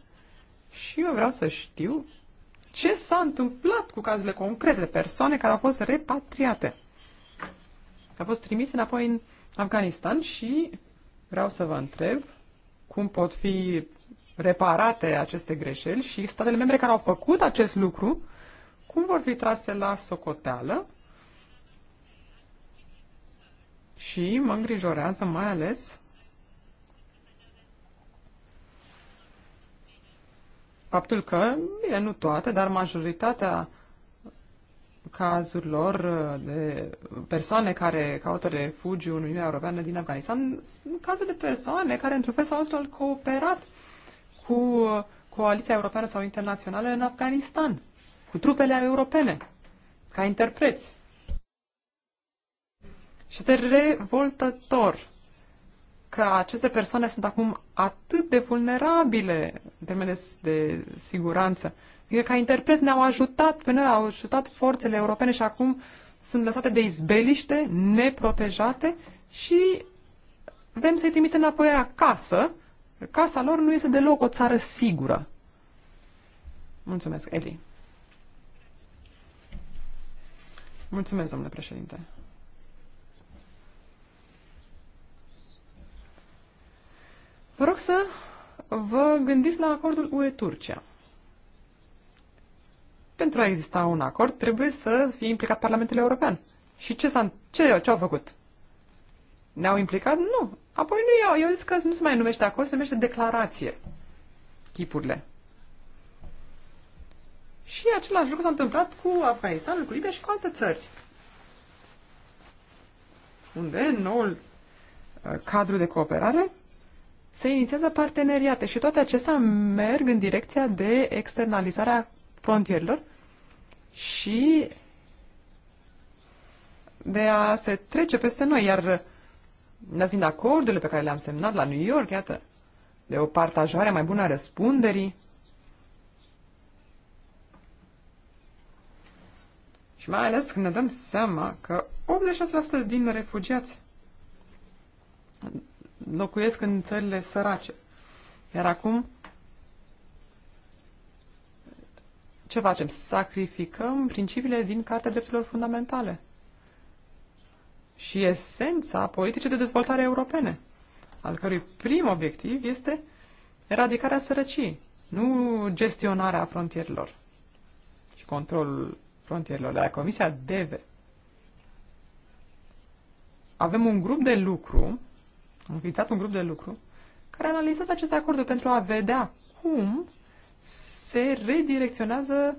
și eu vreau să știu ce s-a întâmplat cu cazurile concrete de persoane care au fost repatriate. Au fost trimise înapoi în Afganistan și Vreau să vă întreb cum pot fi reparate aceste greșeli și statele membre care au făcut acest lucru, cum vor fi trase la socoteală și mă îngrijorează mai ales faptul că, bine, nu toate, dar majoritatea cazurilor uh, de persoane care caută refugiu în Uniunea Europeană din Afganistan sunt cazuri de persoane care, într-un fel sau altul, au cooperat cu uh, Coaliția Europeană sau Internațională în Afganistan, cu trupele europene, ca interpreți. Și este revoltător că aceste persoane sunt acum atât de vulnerabile în termen de, de siguranță ca interpreți ne-au ajutat pe noi, au ajutat forțele europene și acum sunt lăsate de izbeliște, neprotejate și vrem să-i trimitem înapoi acasă. Casa lor nu este deloc o țară sigură. Mulțumesc, Eli. Mulțumesc, domnule președinte. Vă rog să vă gândiți la acordul UE-Turcia pentru a exista un acord, trebuie să fie implicat Parlamentul European. Și ce, s-a, ce, ce au făcut? Ne-au implicat? Nu. Apoi nu iau. Eu zic că nu se mai numește acord, se numește declarație. Chipurile. Și același lucru s-a întâmplat cu Afganistanul, cu Libia și cu alte țări. Unde noul uh, cadru de cooperare se inițiază parteneriate și toate acestea merg în direcția de externalizarea frontierilor și de a se trece peste noi, iar dat fiind acordurile pe care le-am semnat la New York, iată, de o partajare mai bună a răspunderii, Și mai ales când ne dăm seama că 86% din refugiați locuiesc în țările sărace. Iar acum Ce facem? Sacrificăm principiile din Cartea Drepturilor Fundamentale și esența politicii de dezvoltare europene, al cărui prim obiectiv este eradicarea sărăcii, nu gestionarea frontierilor și controlul frontierilor. La Comisia DEVE avem un grup de lucru, înființat un grup de lucru, care analizează aceste acorduri pentru a vedea cum se redirecționează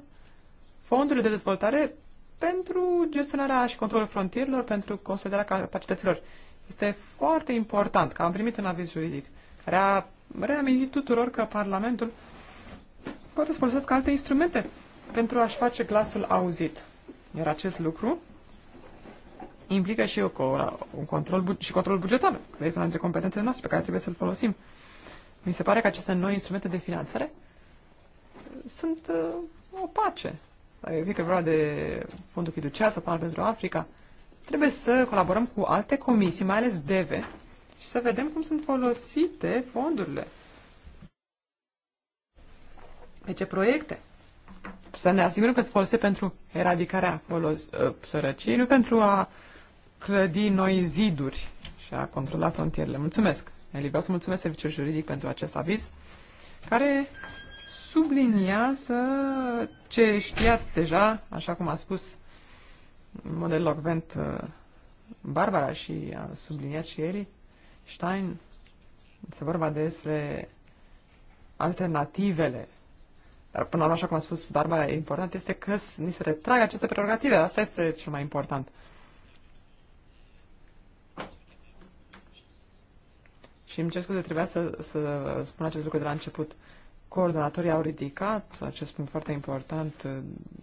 fondurile de dezvoltare pentru gestionarea și controlul frontierilor, pentru consolidarea capacităților. Este foarte important că am primit un aviz juridic care a reamintit tuturor că Parlamentul poate să folosească alte instrumente pentru a-și face glasul auzit. Iar acest lucru implică și eu un control și control bugetar, care este una dintre competențele noastre pe care trebuie să-l folosim. Mi se pare că aceste noi instrumente de finanțare sunt uh, opace. Fie adică că vorba de Fondul Fiduciar sau Planul pentru Africa, trebuie să colaborăm cu alte comisii, mai ales DEVE, și să vedem cum sunt folosite fondurile. Pe ce proiecte? Să ne asigurăm că se folosește pentru eradicarea folos- uh, sărăciei, nu pentru a clădi noi ziduri și a controla frontierele. Mulțumesc! Eli, vreau să mulțumesc Serviciul Juridic pentru acest aviz, care subliniază ce știați deja, așa cum a spus în mod elocvent uh, Barbara și a subliniat și Eli Stein, se vorba despre alternativele. Dar până la urmă, așa cum a spus Barbara, important este că ni se retrag aceste prerogative. Asta este cel mai important. Și îmi cer scuze, trebuia să, să spun acest lucru de la început. Uh, coordonatorii au ridicat acest punct foarte important, eh,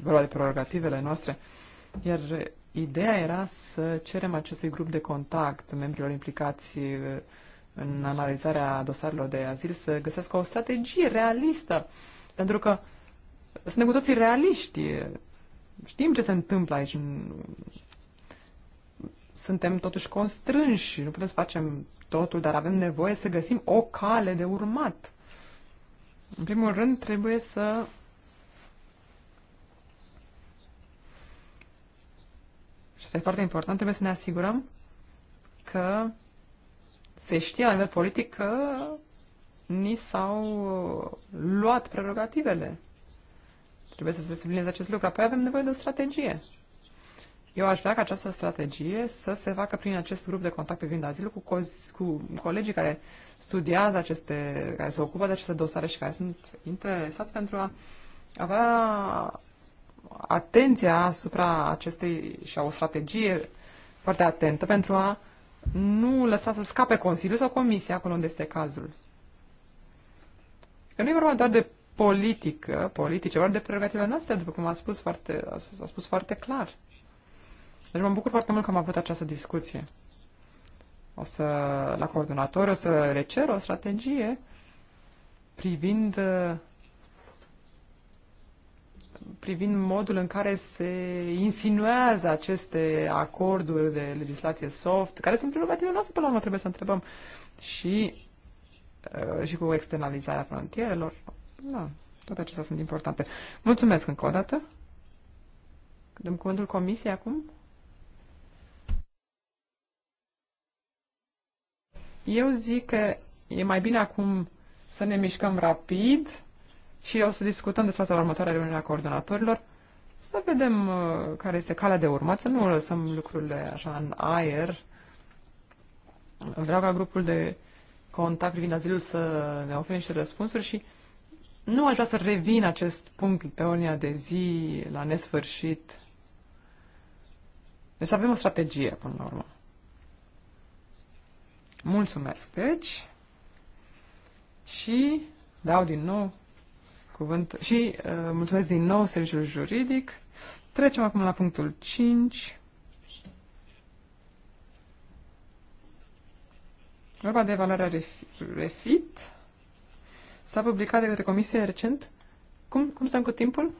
vorba de prerogativele noastre, iar ideea era să cerem acestui grup de contact, membrilor implicați eh, în analizarea dosarelor de azil, să găsească o strategie realistă, pentru că suntem cu toții realiști, eh, știm ce se întâmplă aici, suntem totuși constrânși, nu putem să facem totul, dar avem nevoie să găsim o cale de urmat în primul rând, trebuie să și este foarte important, trebuie să ne asigurăm că se știe la nivel politic că ni s-au luat prerogativele. Trebuie să se sublinieze acest lucru. Apoi avem nevoie de o strategie. Eu aș vrea ca această strategie să se facă prin acest grup de contact privind azil cu, co- cu colegii care studiază aceste, care se ocupă de aceste dosare și care sunt interesați pentru a avea atenția asupra acestei și a o strategie foarte atentă pentru a nu lăsa să scape Consiliul sau Comisia acolo unde este cazul. Că nu e vorba doar de politică, politice, vorba de prerogativele noastre, după cum a spus foarte, a spus foarte clar. Deci mă bucur foarte mult că am avut această discuție. O să, la coordonator, o să le cer o strategie privind privind modul în care se insinuează aceste acorduri de legislație soft, care sunt prerogative noastre, până la urmă trebuie să întrebăm, și, uh, și cu externalizarea frontierelor. Da, toate acestea sunt importante. Mulțumesc încă o dată. Dăm cuvântul comisiei acum. Eu zic că e mai bine acum să ne mișcăm rapid și o să discutăm despre asta la următoarea reuniune a coordonatorilor, să vedem uh, care este calea de urmat, să nu lăsăm lucrurile așa în aer. Vreau ca grupul de contact privind azilul să ne ofere niște răspunsuri și nu aș vrea să revin acest punct pe ordinea de zi la nesfârșit. Deci avem o strategie până la urmă. Mulțumesc, deci. Și dau din nou cuvânt și uh, mulțumesc din nou serviciul juridic. Trecem acum la punctul 5. Vorba de evaluarea refit. S-a publicat de către comisie recent. Cum, cum stăm cu timpul?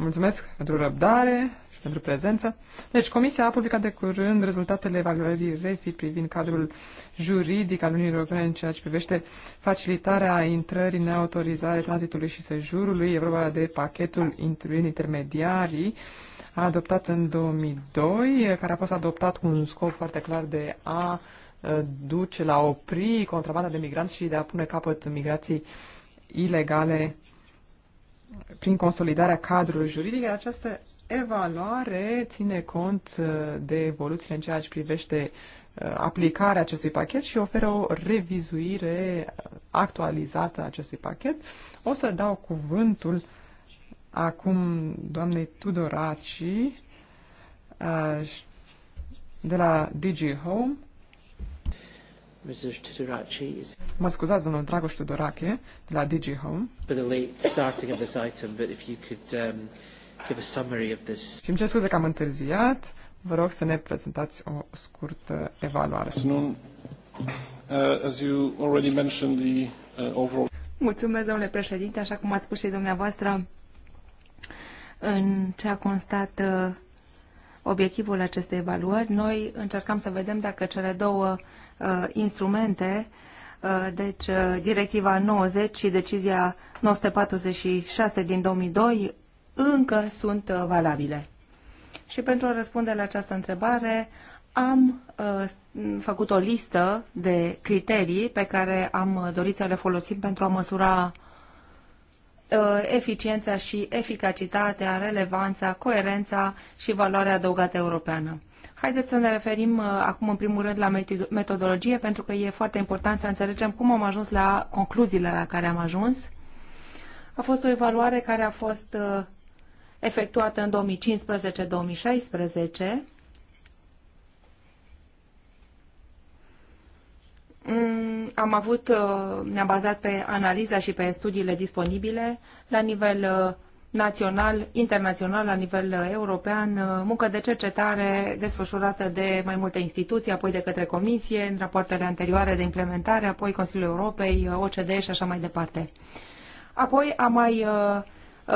Mulțumesc pentru răbdare și pentru prezență. Deci, Comisia a publicat de curând rezultatele evaluării REFIT privind cadrul juridic al Uniunii Europene în ceea ce privește facilitarea intrării neautorizare tranzitului și sejurului. E vorba de pachetul intrării intermediarii adoptat în 2002, care a fost adoptat cu un scop foarte clar de a uh, duce la opri contrabanda de migranți și de a pune capăt migrației ilegale prin consolidarea cadrului juridic, această evaluare ține cont uh, de evoluțiile în ceea ce privește uh, aplicarea acestui pachet și oferă o revizuire actualizată a acestui pachet. O să dau cuvântul acum doamnei Tudoraci uh, de la DG Home Mă scuzați, domnul Dragoș Tudorache, de la Digi Home. For the late starting of this item, but if you could um, give a summary of this. Și îmi cer scuze că am întârziat. Vă rog să ne prezentați o scurtă evaluare. Uh, as you already mentioned, the uh, overall... Mulțumesc, domnule președinte, așa cum ați spus și dumneavoastră, în ce a constat uh, obiectivul acestei evaluări, noi încercam să vedem dacă cele două uh, Uh, instrumente, uh, deci uh, directiva 90 și decizia 946 din 2002 încă sunt valabile. Și pentru a răspunde la această întrebare, am făcut o listă de criterii pe care am dorit să le folosim pentru a măsura eficiența și eficacitatea, relevanța, coerența și valoarea adăugată europeană. Haideți să ne referim uh, acum în primul rând la metodologie, pentru că e foarte important să înțelegem cum am ajuns la concluziile la care am ajuns. A fost o evaluare care a fost uh, efectuată în 2015-2016. Mm, am avut, uh, ne-am bazat pe analiza și pe studiile disponibile la nivel național, internațional, la nivel uh, european, uh, muncă de cercetare desfășurată de mai multe instituții, apoi de către Comisie, în rapoartele anterioare de implementare, apoi Consiliul Europei, uh, OCDE și așa mai departe. Apoi am mai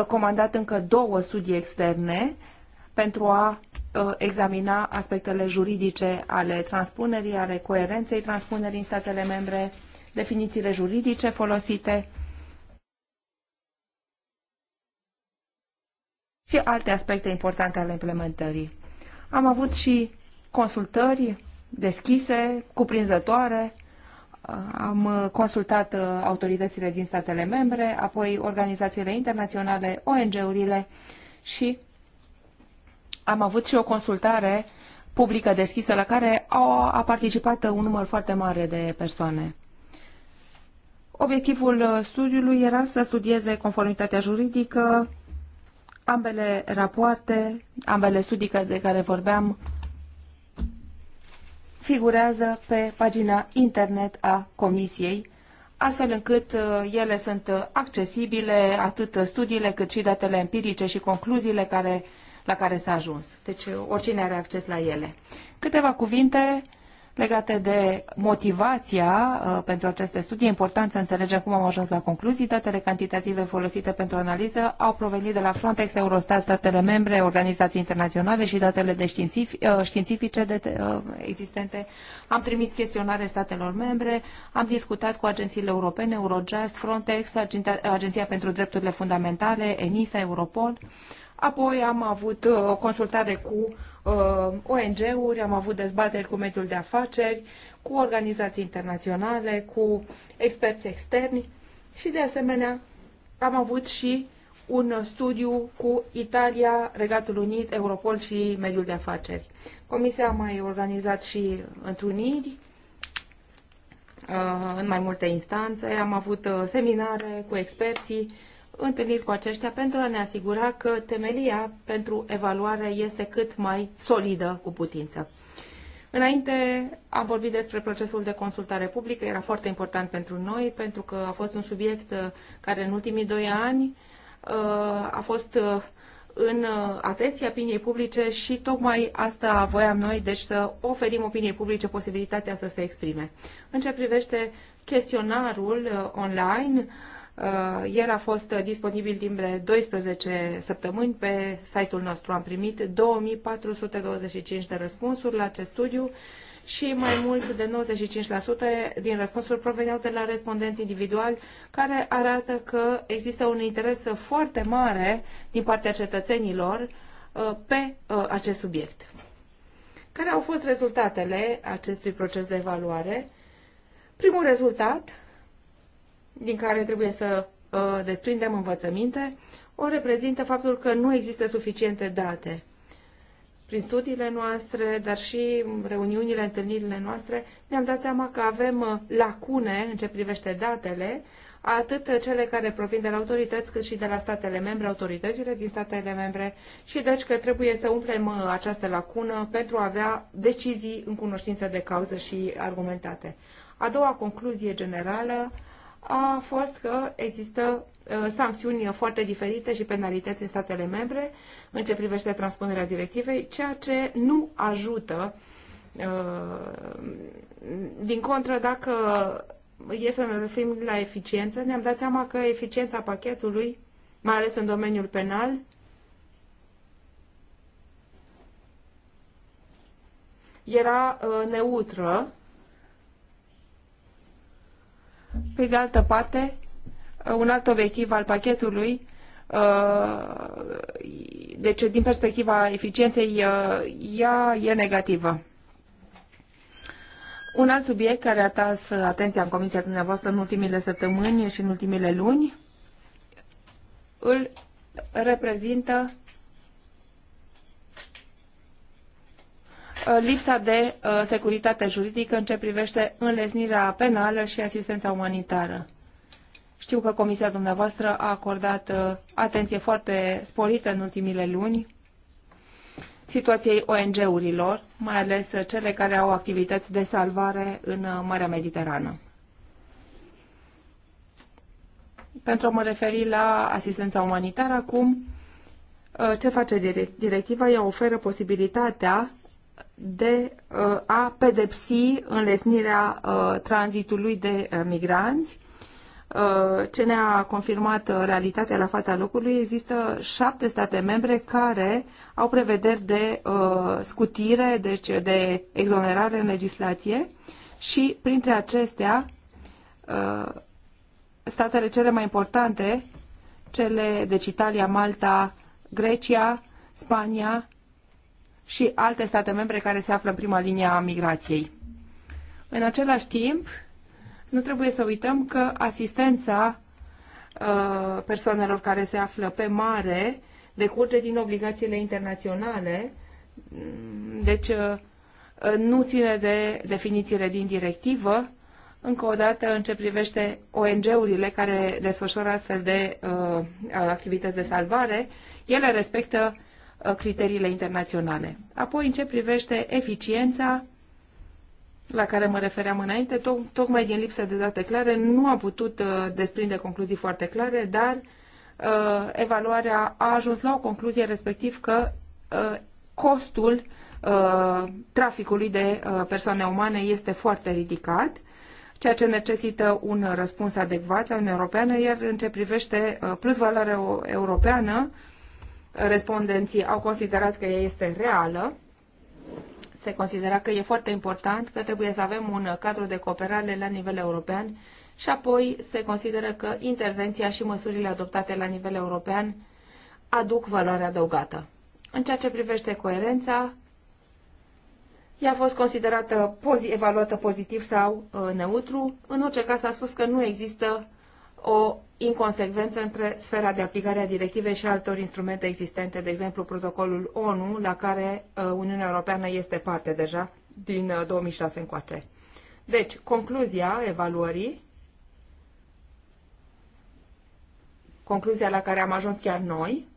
comandat încă două studii externe pentru a examina aspectele juridice ale transpunerii, ale coerenței transpunerii în statele membre, definițiile juridice folosite, și alte aspecte importante ale implementării. Am avut și consultări deschise, cuprinzătoare, am consultat uh, autoritățile din statele membre, apoi organizațiile internaționale, ONG-urile și am avut și o consultare publică deschisă la care au, a participat un număr foarte mare de persoane. Obiectivul uh, studiului era să studieze conformitatea juridică, Ambele rapoarte, ambele studii de care vorbeam, figurează pe pagina internet a Comisiei, astfel încât uh, ele sunt accesibile, atât studiile cât și datele empirice și concluziile care, la care s-a ajuns. Deci uh, oricine are acces la ele. Câteva cuvinte legate de motivația uh, pentru aceste studii. E important să înțelegem cum am ajuns la concluzii. Datele cantitative folosite pentru analiză au provenit de la Frontex, Eurostat, statele membre, organizații internaționale și datele de științific, uh, științifice de, uh, existente. Am trimis chestionare statelor membre, am discutat cu agențiile europene, Eurojust, Frontex, Agenția pentru Drepturile Fundamentale, ENISA, Europol. Apoi am avut consultare cu Uh, ONG-uri, am avut dezbateri cu mediul de afaceri, cu organizații internaționale, cu experți externi și, de asemenea, am avut și un studiu cu Italia, Regatul Unit, Europol și mediul de afaceri. Comisia a mai organizat și întruniri uh, în mai multe instanțe, am avut uh, seminare cu experții întâlniri cu aceștia pentru a ne asigura că temelia pentru evaluare este cât mai solidă cu putință. Înainte am vorbit despre procesul de consultare publică, era foarte important pentru noi, pentru că a fost un subiect uh, care în ultimii doi ani uh, a fost uh, în atenția opiniei publice și tocmai asta voiam noi, deci să oferim opiniei publice posibilitatea să se exprime. În ce privește chestionarul online, Uh, el a fost disponibil timp de 12 săptămâni pe site-ul nostru. Am primit 2425 de răspunsuri la acest studiu și mai mult de 95% din răspunsuri proveneau de la respondenți individuali, care arată că există un interes foarte mare din partea cetățenilor uh, pe uh, acest subiect. Care au fost rezultatele acestui proces de evaluare? Primul rezultat din care trebuie să uh, desprindem învățăminte, o reprezintă faptul că nu există suficiente date. Prin studiile noastre, dar și reuniunile, întâlnirile noastre, ne-am dat seama că avem uh, lacune în ce privește datele, atât cele care provin de la autorități, cât și de la statele membre, autoritățile din statele membre și deci că trebuie să umplem uh, această lacună pentru a avea decizii în cunoștință de cauză și argumentate. A doua concluzie generală a fost că există uh, sancțiuni foarte diferite și penalități în statele membre în ce privește transpunerea directivei, ceea ce nu ajută. Uh, din contră, dacă e să ne referim la eficiență, ne-am dat seama că eficiența pachetului, mai ales în domeniul penal, era uh, neutră pe de altă parte, uh, un alt obiectiv al pachetului, uh, deci din perspectiva eficienței, uh, ea e negativă. Un alt subiect care a tras atenția în comisia dumneavoastră în ultimile săptămâni și în ultimile luni îl reprezintă Uh, lipsa de uh, securitate juridică în ce privește înlesnirea penală și asistența umanitară. Știu că comisia dumneavoastră a acordat uh, atenție foarte sporită în ultimile luni situației ONG-urilor, mai ales cele care au activități de salvare în Marea Mediterană. Pentru a mă referi la asistența umanitară acum, ce face directiva? Ea oferă posibilitatea de uh, a pedepsi înlesnirea uh, tranzitului de uh, migranți. Ce ne-a confirmat realitatea la fața locului, există șapte state membre care au prevederi de scutire, deci de exonerare în legislație și printre acestea statele cele mai importante, cele deci Italia, Malta, Grecia, Spania, și alte state membre care se află în prima linie a migrației. În același timp, nu trebuie să uităm că asistența uh, persoanelor care se află pe mare decurge din obligațiile internaționale, mm, deci uh, nu ține de definițiile din directivă, încă o dată în ce privește ONG-urile care desfășoară astfel de uh, uh, activități de salvare, ele respectă criteriile internaționale. Apoi, în ce privește eficiența, la care mă refeream înainte, to- tocmai din lipsă de date clare, nu am putut uh, desprinde concluzii foarte clare, dar uh, evaluarea a ajuns la o concluzie respectiv că uh, costul uh, traficului de uh, persoane umane este foarte ridicat, ceea ce necesită un răspuns adecvat la Uniunea Europeană, iar în ce privește uh, plusvaloarea europeană, uh, respondenții au considerat că este reală. Se considera că e foarte important, că trebuie să avem un cadru de cooperare la nivel european și apoi se consideră că intervenția și măsurile adoptate la nivel european aduc valoare adăugată. În ceea ce privește coerența, ea a fost considerată evaluată pozitiv sau uh, neutru. În orice caz s-a spus că nu există o inconsecvență între sfera de aplicare a directivei și altor instrumente existente, de exemplu protocolul ONU, la care uh, Uniunea Europeană este parte deja din 2006 uh, încoace. Deci, concluzia evaluării, concluzia la care am ajuns chiar noi,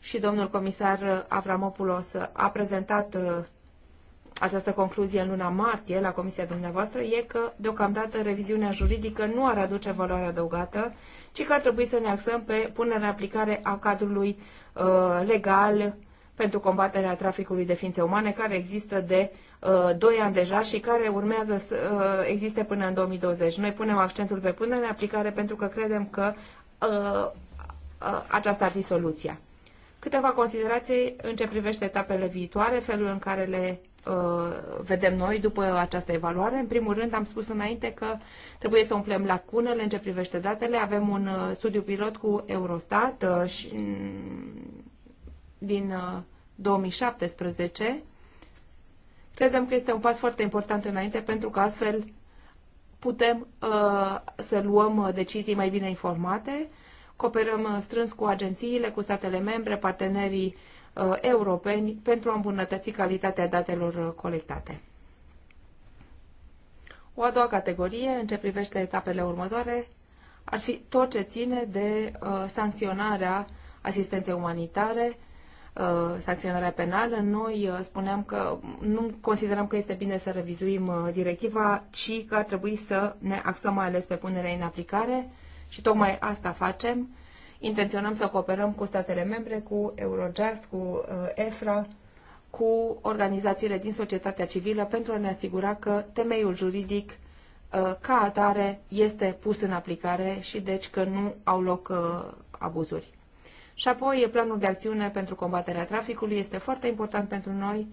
și domnul comisar uh, Avramopoulos a prezentat această concluzie în luna martie la comisia dumneavoastră e că, deocamdată, reviziunea juridică nu ar aduce valoare adăugată, ci că ar trebui să ne axăm pe punerea în aplicare a cadrului uh, legal pentru combaterea traficului de ființe umane, care există de uh, 2 ani deja și care urmează să uh, existe până în 2020. Noi punem accentul pe punerea în aplicare pentru că credem că uh, uh, aceasta ar fi soluția. Câteva considerații în ce privește etapele viitoare, felul în care le Uh, vedem noi după această evaluare. În primul rând, am spus înainte că trebuie să umplem lacunele în ce privește datele. Avem un uh, studiu pilot cu Eurostat uh, și mm, din 2017. Credem că este un pas foarte important înainte pentru că astfel putem să luăm decizii mai bine informate. Cooperăm strâns cu agențiile, cu statele membre, partenerii Uh, europeni pentru a îmbunătăți calitatea datelor uh, colectate. O a doua categorie, în ce privește etapele următoare, ar fi tot ce ține de uh, sancționarea asistenței umanitare, uh, sancționarea penală. Noi uh, spuneam că nu considerăm că este bine să revizuim uh, directiva, ci că ar trebui să ne axăm mai ales pe punerea în aplicare și tocmai asta facem intenționăm să cooperăm cu statele membre, cu Eurojust, cu uh, EFRA, cu organizațiile din societatea civilă pentru a ne asigura că temeiul juridic uh, ca atare este pus în aplicare și deci că nu au loc uh, abuzuri. Și apoi planul de acțiune pentru combaterea traficului este foarte important pentru noi.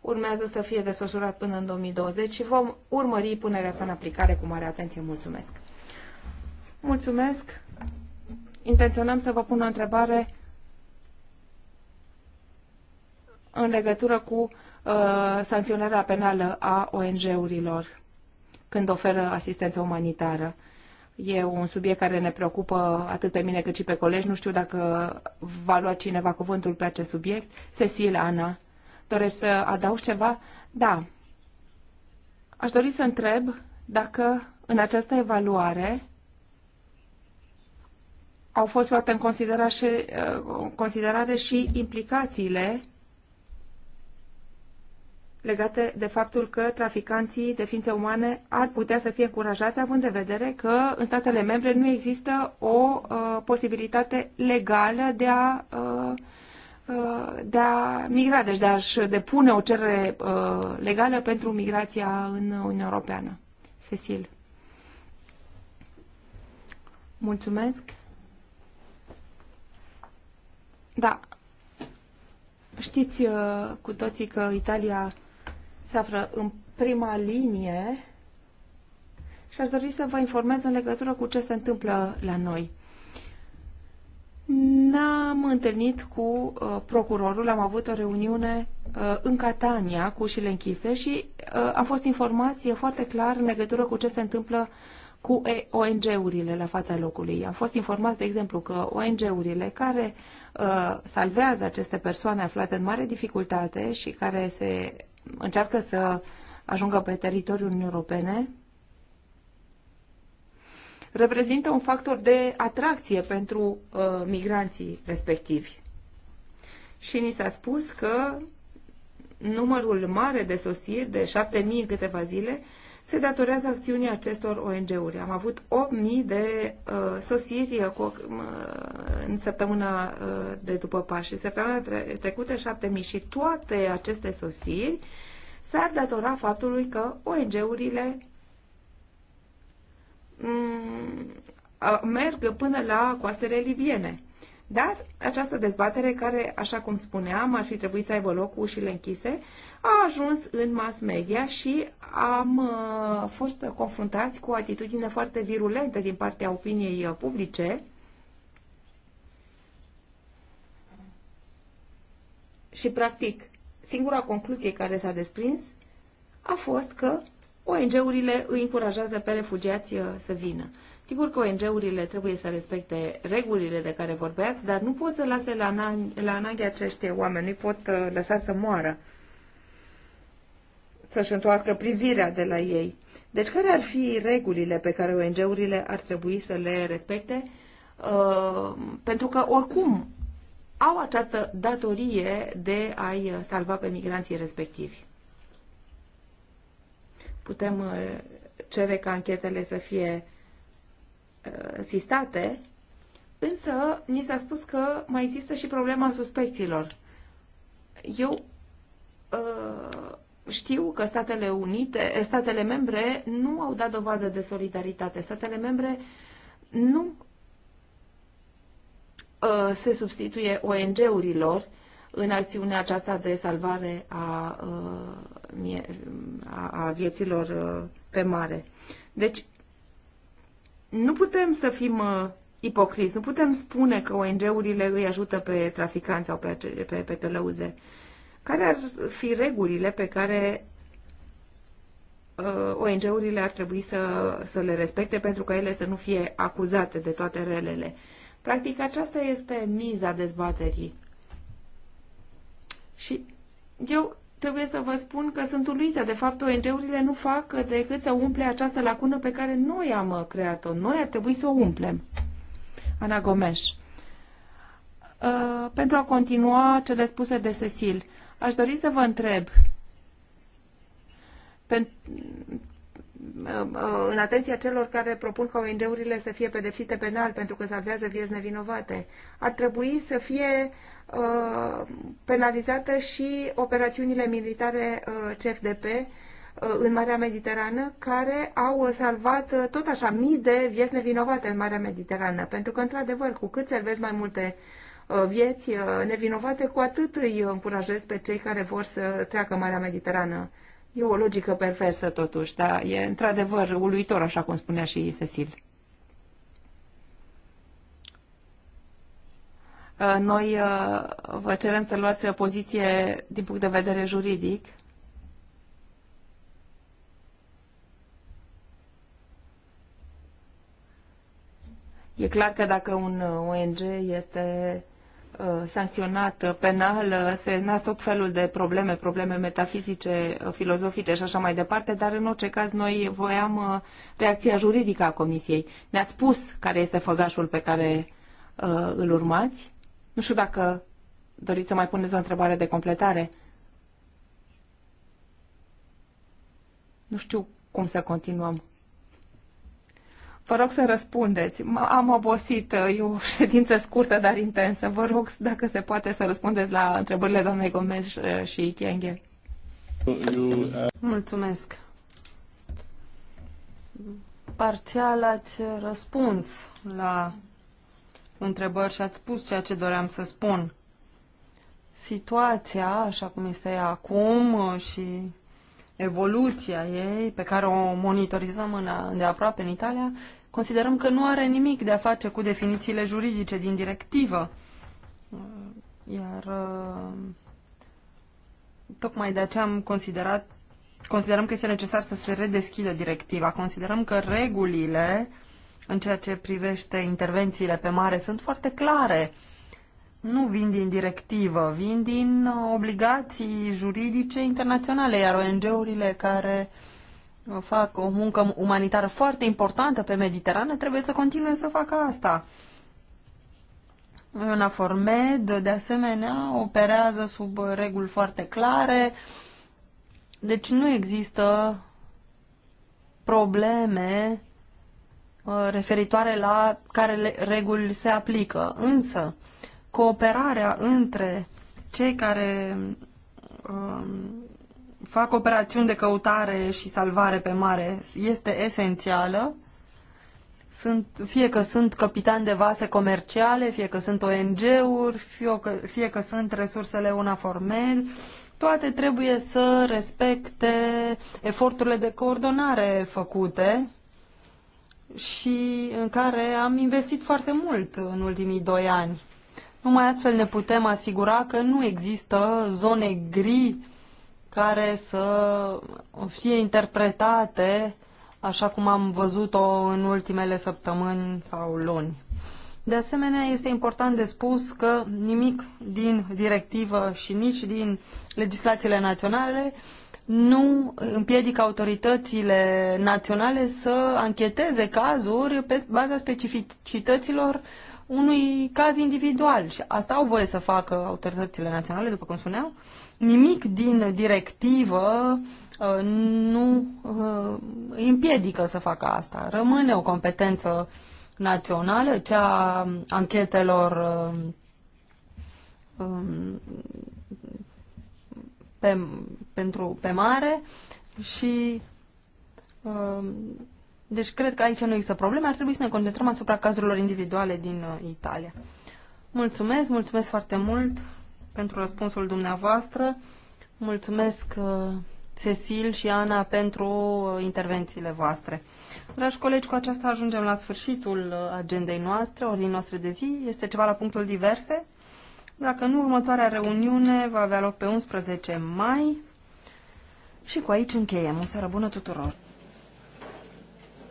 Urmează să fie desfășurat până în 2020 și vom urmări punerea sa în aplicare cu mare atenție. Mulțumesc! Mulțumesc! intenționam să vă pun o întrebare în legătură cu uh, sancționarea penală a ONG-urilor când oferă asistență umanitară. E un subiect care ne preocupă atât pe mine cât și pe colegi. Nu știu dacă va lua cineva cuvântul pe acest subiect. Cecil, Ana, dorești să adaug ceva? Da. Aș dori să întreb dacă în această evaluare au fost luate uh, în considerare, și implicațiile legate de faptul că traficanții de ființe umane ar putea să fie încurajați, având de vedere că în statele membre nu există o uh, posibilitate legală de a, uh, uh, de a migra, deci de a-și depune o cerere uh, legală pentru migrația în Uniunea Europeană. Cecil. Mulțumesc. Da. Știți uh, cu toții că Italia se află în prima linie și aș dori să vă informez în legătură cu ce se întâmplă la noi. Ne-am întâlnit cu uh, procurorul, am avut o reuniune uh, în Catania cu ușile închise și uh, a fost informație foarte clar în legătură cu ce se întâmplă cu ONG-urile la fața locului. Am fost informați, de exemplu, că ONG-urile care Uh, salvează aceste persoane aflate în mare dificultate și care se încearcă să ajungă pe teritoriul Uniunii Europene, reprezintă un factor de atracție pentru uh, migranții respectivi. Și ni s-a spus că numărul mare de sosiri, de 7.000 în câteva zile, uh, se datorează acțiunii acestor ONG-uri. Am avut 8.000 de uh, sosiri uh, cu, uh, în săptămâna uh, de după Paște, săptămâna tre- trecută 7.000 și toate aceste sosiri s-ar datora faptului că ONG-urile um, mm, uh, merg până la coastele libiene. Dar această dezbatere, care, așa cum spuneam, ar fi trebuit să aibă loc cu ușile închise, a ajuns în mass media și am uh, fost confruntați cu o atitudine foarte virulentă din partea opiniei uh, publice și, practic, singura concluzie care s-a desprins a fost că ONG-urile îi încurajează pe refugiați uh, să vină. Sigur că ONG-urile trebuie să respecte regulile de care vorbeați, dar nu pot să lase la, la anaghi acești oameni, nu pot lăsa să moară să-și întoarcă privirea de la ei. Deci care ar fi regulile pe care ONG-urile ar trebui să le respecte? Uh, pentru că oricum au această datorie de a-i salva pe migranții respectivi. Putem uh, cere ca anchetele să fie uh, sistate, însă ni s-a spus că mai există și problema suspecțiilor. Eu uh, știu că Statele Unite, statele membre nu au dat dovadă de solidaritate. Statele membre nu uh, se substituie ONG-urilor în acțiunea aceasta de salvare a, uh, a, a vieților uh, pe mare. Deci, nu putem să fim uh, ipocriți, nu putem spune că ONG-urile îi ajută pe traficanți sau pe, pe, pe tălăuze. Uh, care ar fi regulile pe care uh, ONG-urile ar trebui să, să le respecte pentru ca ele să nu fie acuzate de toate relele? Practic, aceasta este miza dezbaterii. Și eu trebuie să vă spun că sunt uluită. De fapt, ONG-urile nu fac decât să umple această lacună pe care noi am uh, creat-o. Noi ar trebui să o umplem. Ana Gomes. Uh, pentru a continua cele spuse de Cecil, Aș dori să vă întreb, uh, uh, în atenția celor care propun ca ONG-urile să fie pedepsite penal pentru că salvează vieți nevinovate, ar trebui să fie uh, penalizată și operațiunile militare uh, CFDP uh, în Marea Mediterană, care au salvat uh, tot așa mii de vieți nevinovate în Marea Mediterană. Pentru că, într-adevăr, cu cât servezi mai multe uh, Uh, vieți uh, nevinovate, cu atât îi încurajez pe cei care vor să treacă Marea Mediterană. E o logică perfectă totuși, dar e într-adevăr uluitor, așa cum spunea și Cecil. Uh, noi vă cerem să luați poziție din punct de vedere juridic. E clar că dacă un ONG este Uh, sancționat uh, penal uh, se nasc tot felul de probleme, probleme metafizice, filozofice și așa mai departe, dar în orice caz noi voiam reacția juridică a Comisiei. Ne-ați spus care este făgașul pe care îl urmați. Nu știu dacă doriți să mai puneți o întrebare de completare. Nu știu cum să continuăm. Vă rog să răspundeți. Am obosit, e o ședință scurtă, dar intensă. Vă rog dacă se poate să răspundeți la întrebările doamnei Gomez eh, și Chienghe. Mulțumesc. Parțial ați răspuns la întrebări și ați spus ceea ce doream să spun. Situația, așa cum este acum eh, și evoluția ei, pe care o monitorizăm în, de aproape în Italia, considerăm că nu are nimic de a face cu definițiile juridice din directivă. Iar uh, tocmai de aceea am considerat, considerăm că este necesar să se redeschidă directiva. Considerăm că regulile în ceea ce privește intervențiile pe mare sunt foarte clare nu vin din directivă, vin din uh, obligații juridice internaționale, iar ONG-urile care uh, fac o muncă umanitară foarte importantă pe Mediterană trebuie să continue să facă asta. una Med, de asemenea, operează sub reguli foarte clare, deci nu există probleme uh, referitoare la care reguli se aplică. Însă, cooperarea între cei care um, fac operațiuni de căutare și salvare pe mare este esențială. Sunt, fie că sunt capitani de vase comerciale, fie că sunt ONG-uri, fie că, fie că sunt resursele una formel, toate trebuie să respecte eforturile de coordonare făcute și în care am investit foarte mult în ultimii doi ani. Numai astfel ne putem asigura că nu există zone gri care să fie interpretate așa cum am văzut-o în ultimele săptămâni sau luni. De asemenea, este important de spus că nimic din directivă și nici din legislațiile naționale nu împiedică autoritățile naționale să ancheteze cazuri pe baza specificităților unui caz individual. Și asta au voie să facă autoritățile naționale, după cum spuneau. Nimic din directivă uh, nu îi uh, împiedică să facă asta. Rămâne o competență națională, cea anchetelor uh, um, pe, pentru, pe mare și deci cred că aici nu există probleme, ar trebui să ne concentrăm asupra cazurilor individuale din uh, Italia. Mulțumesc, mulțumesc foarte mult pentru răspunsul dumneavoastră. Mulțumesc, uh, Cecil și Ana, pentru uh, intervențiile voastre. Dragi colegi, cu aceasta ajungem la sfârșitul uh, agendei noastre, ordinii noastre de zi. Este ceva la punctul diverse? Dacă nu, următoarea reuniune va avea loc pe 11 mai. Și cu aici încheiem. O seară bună tuturor!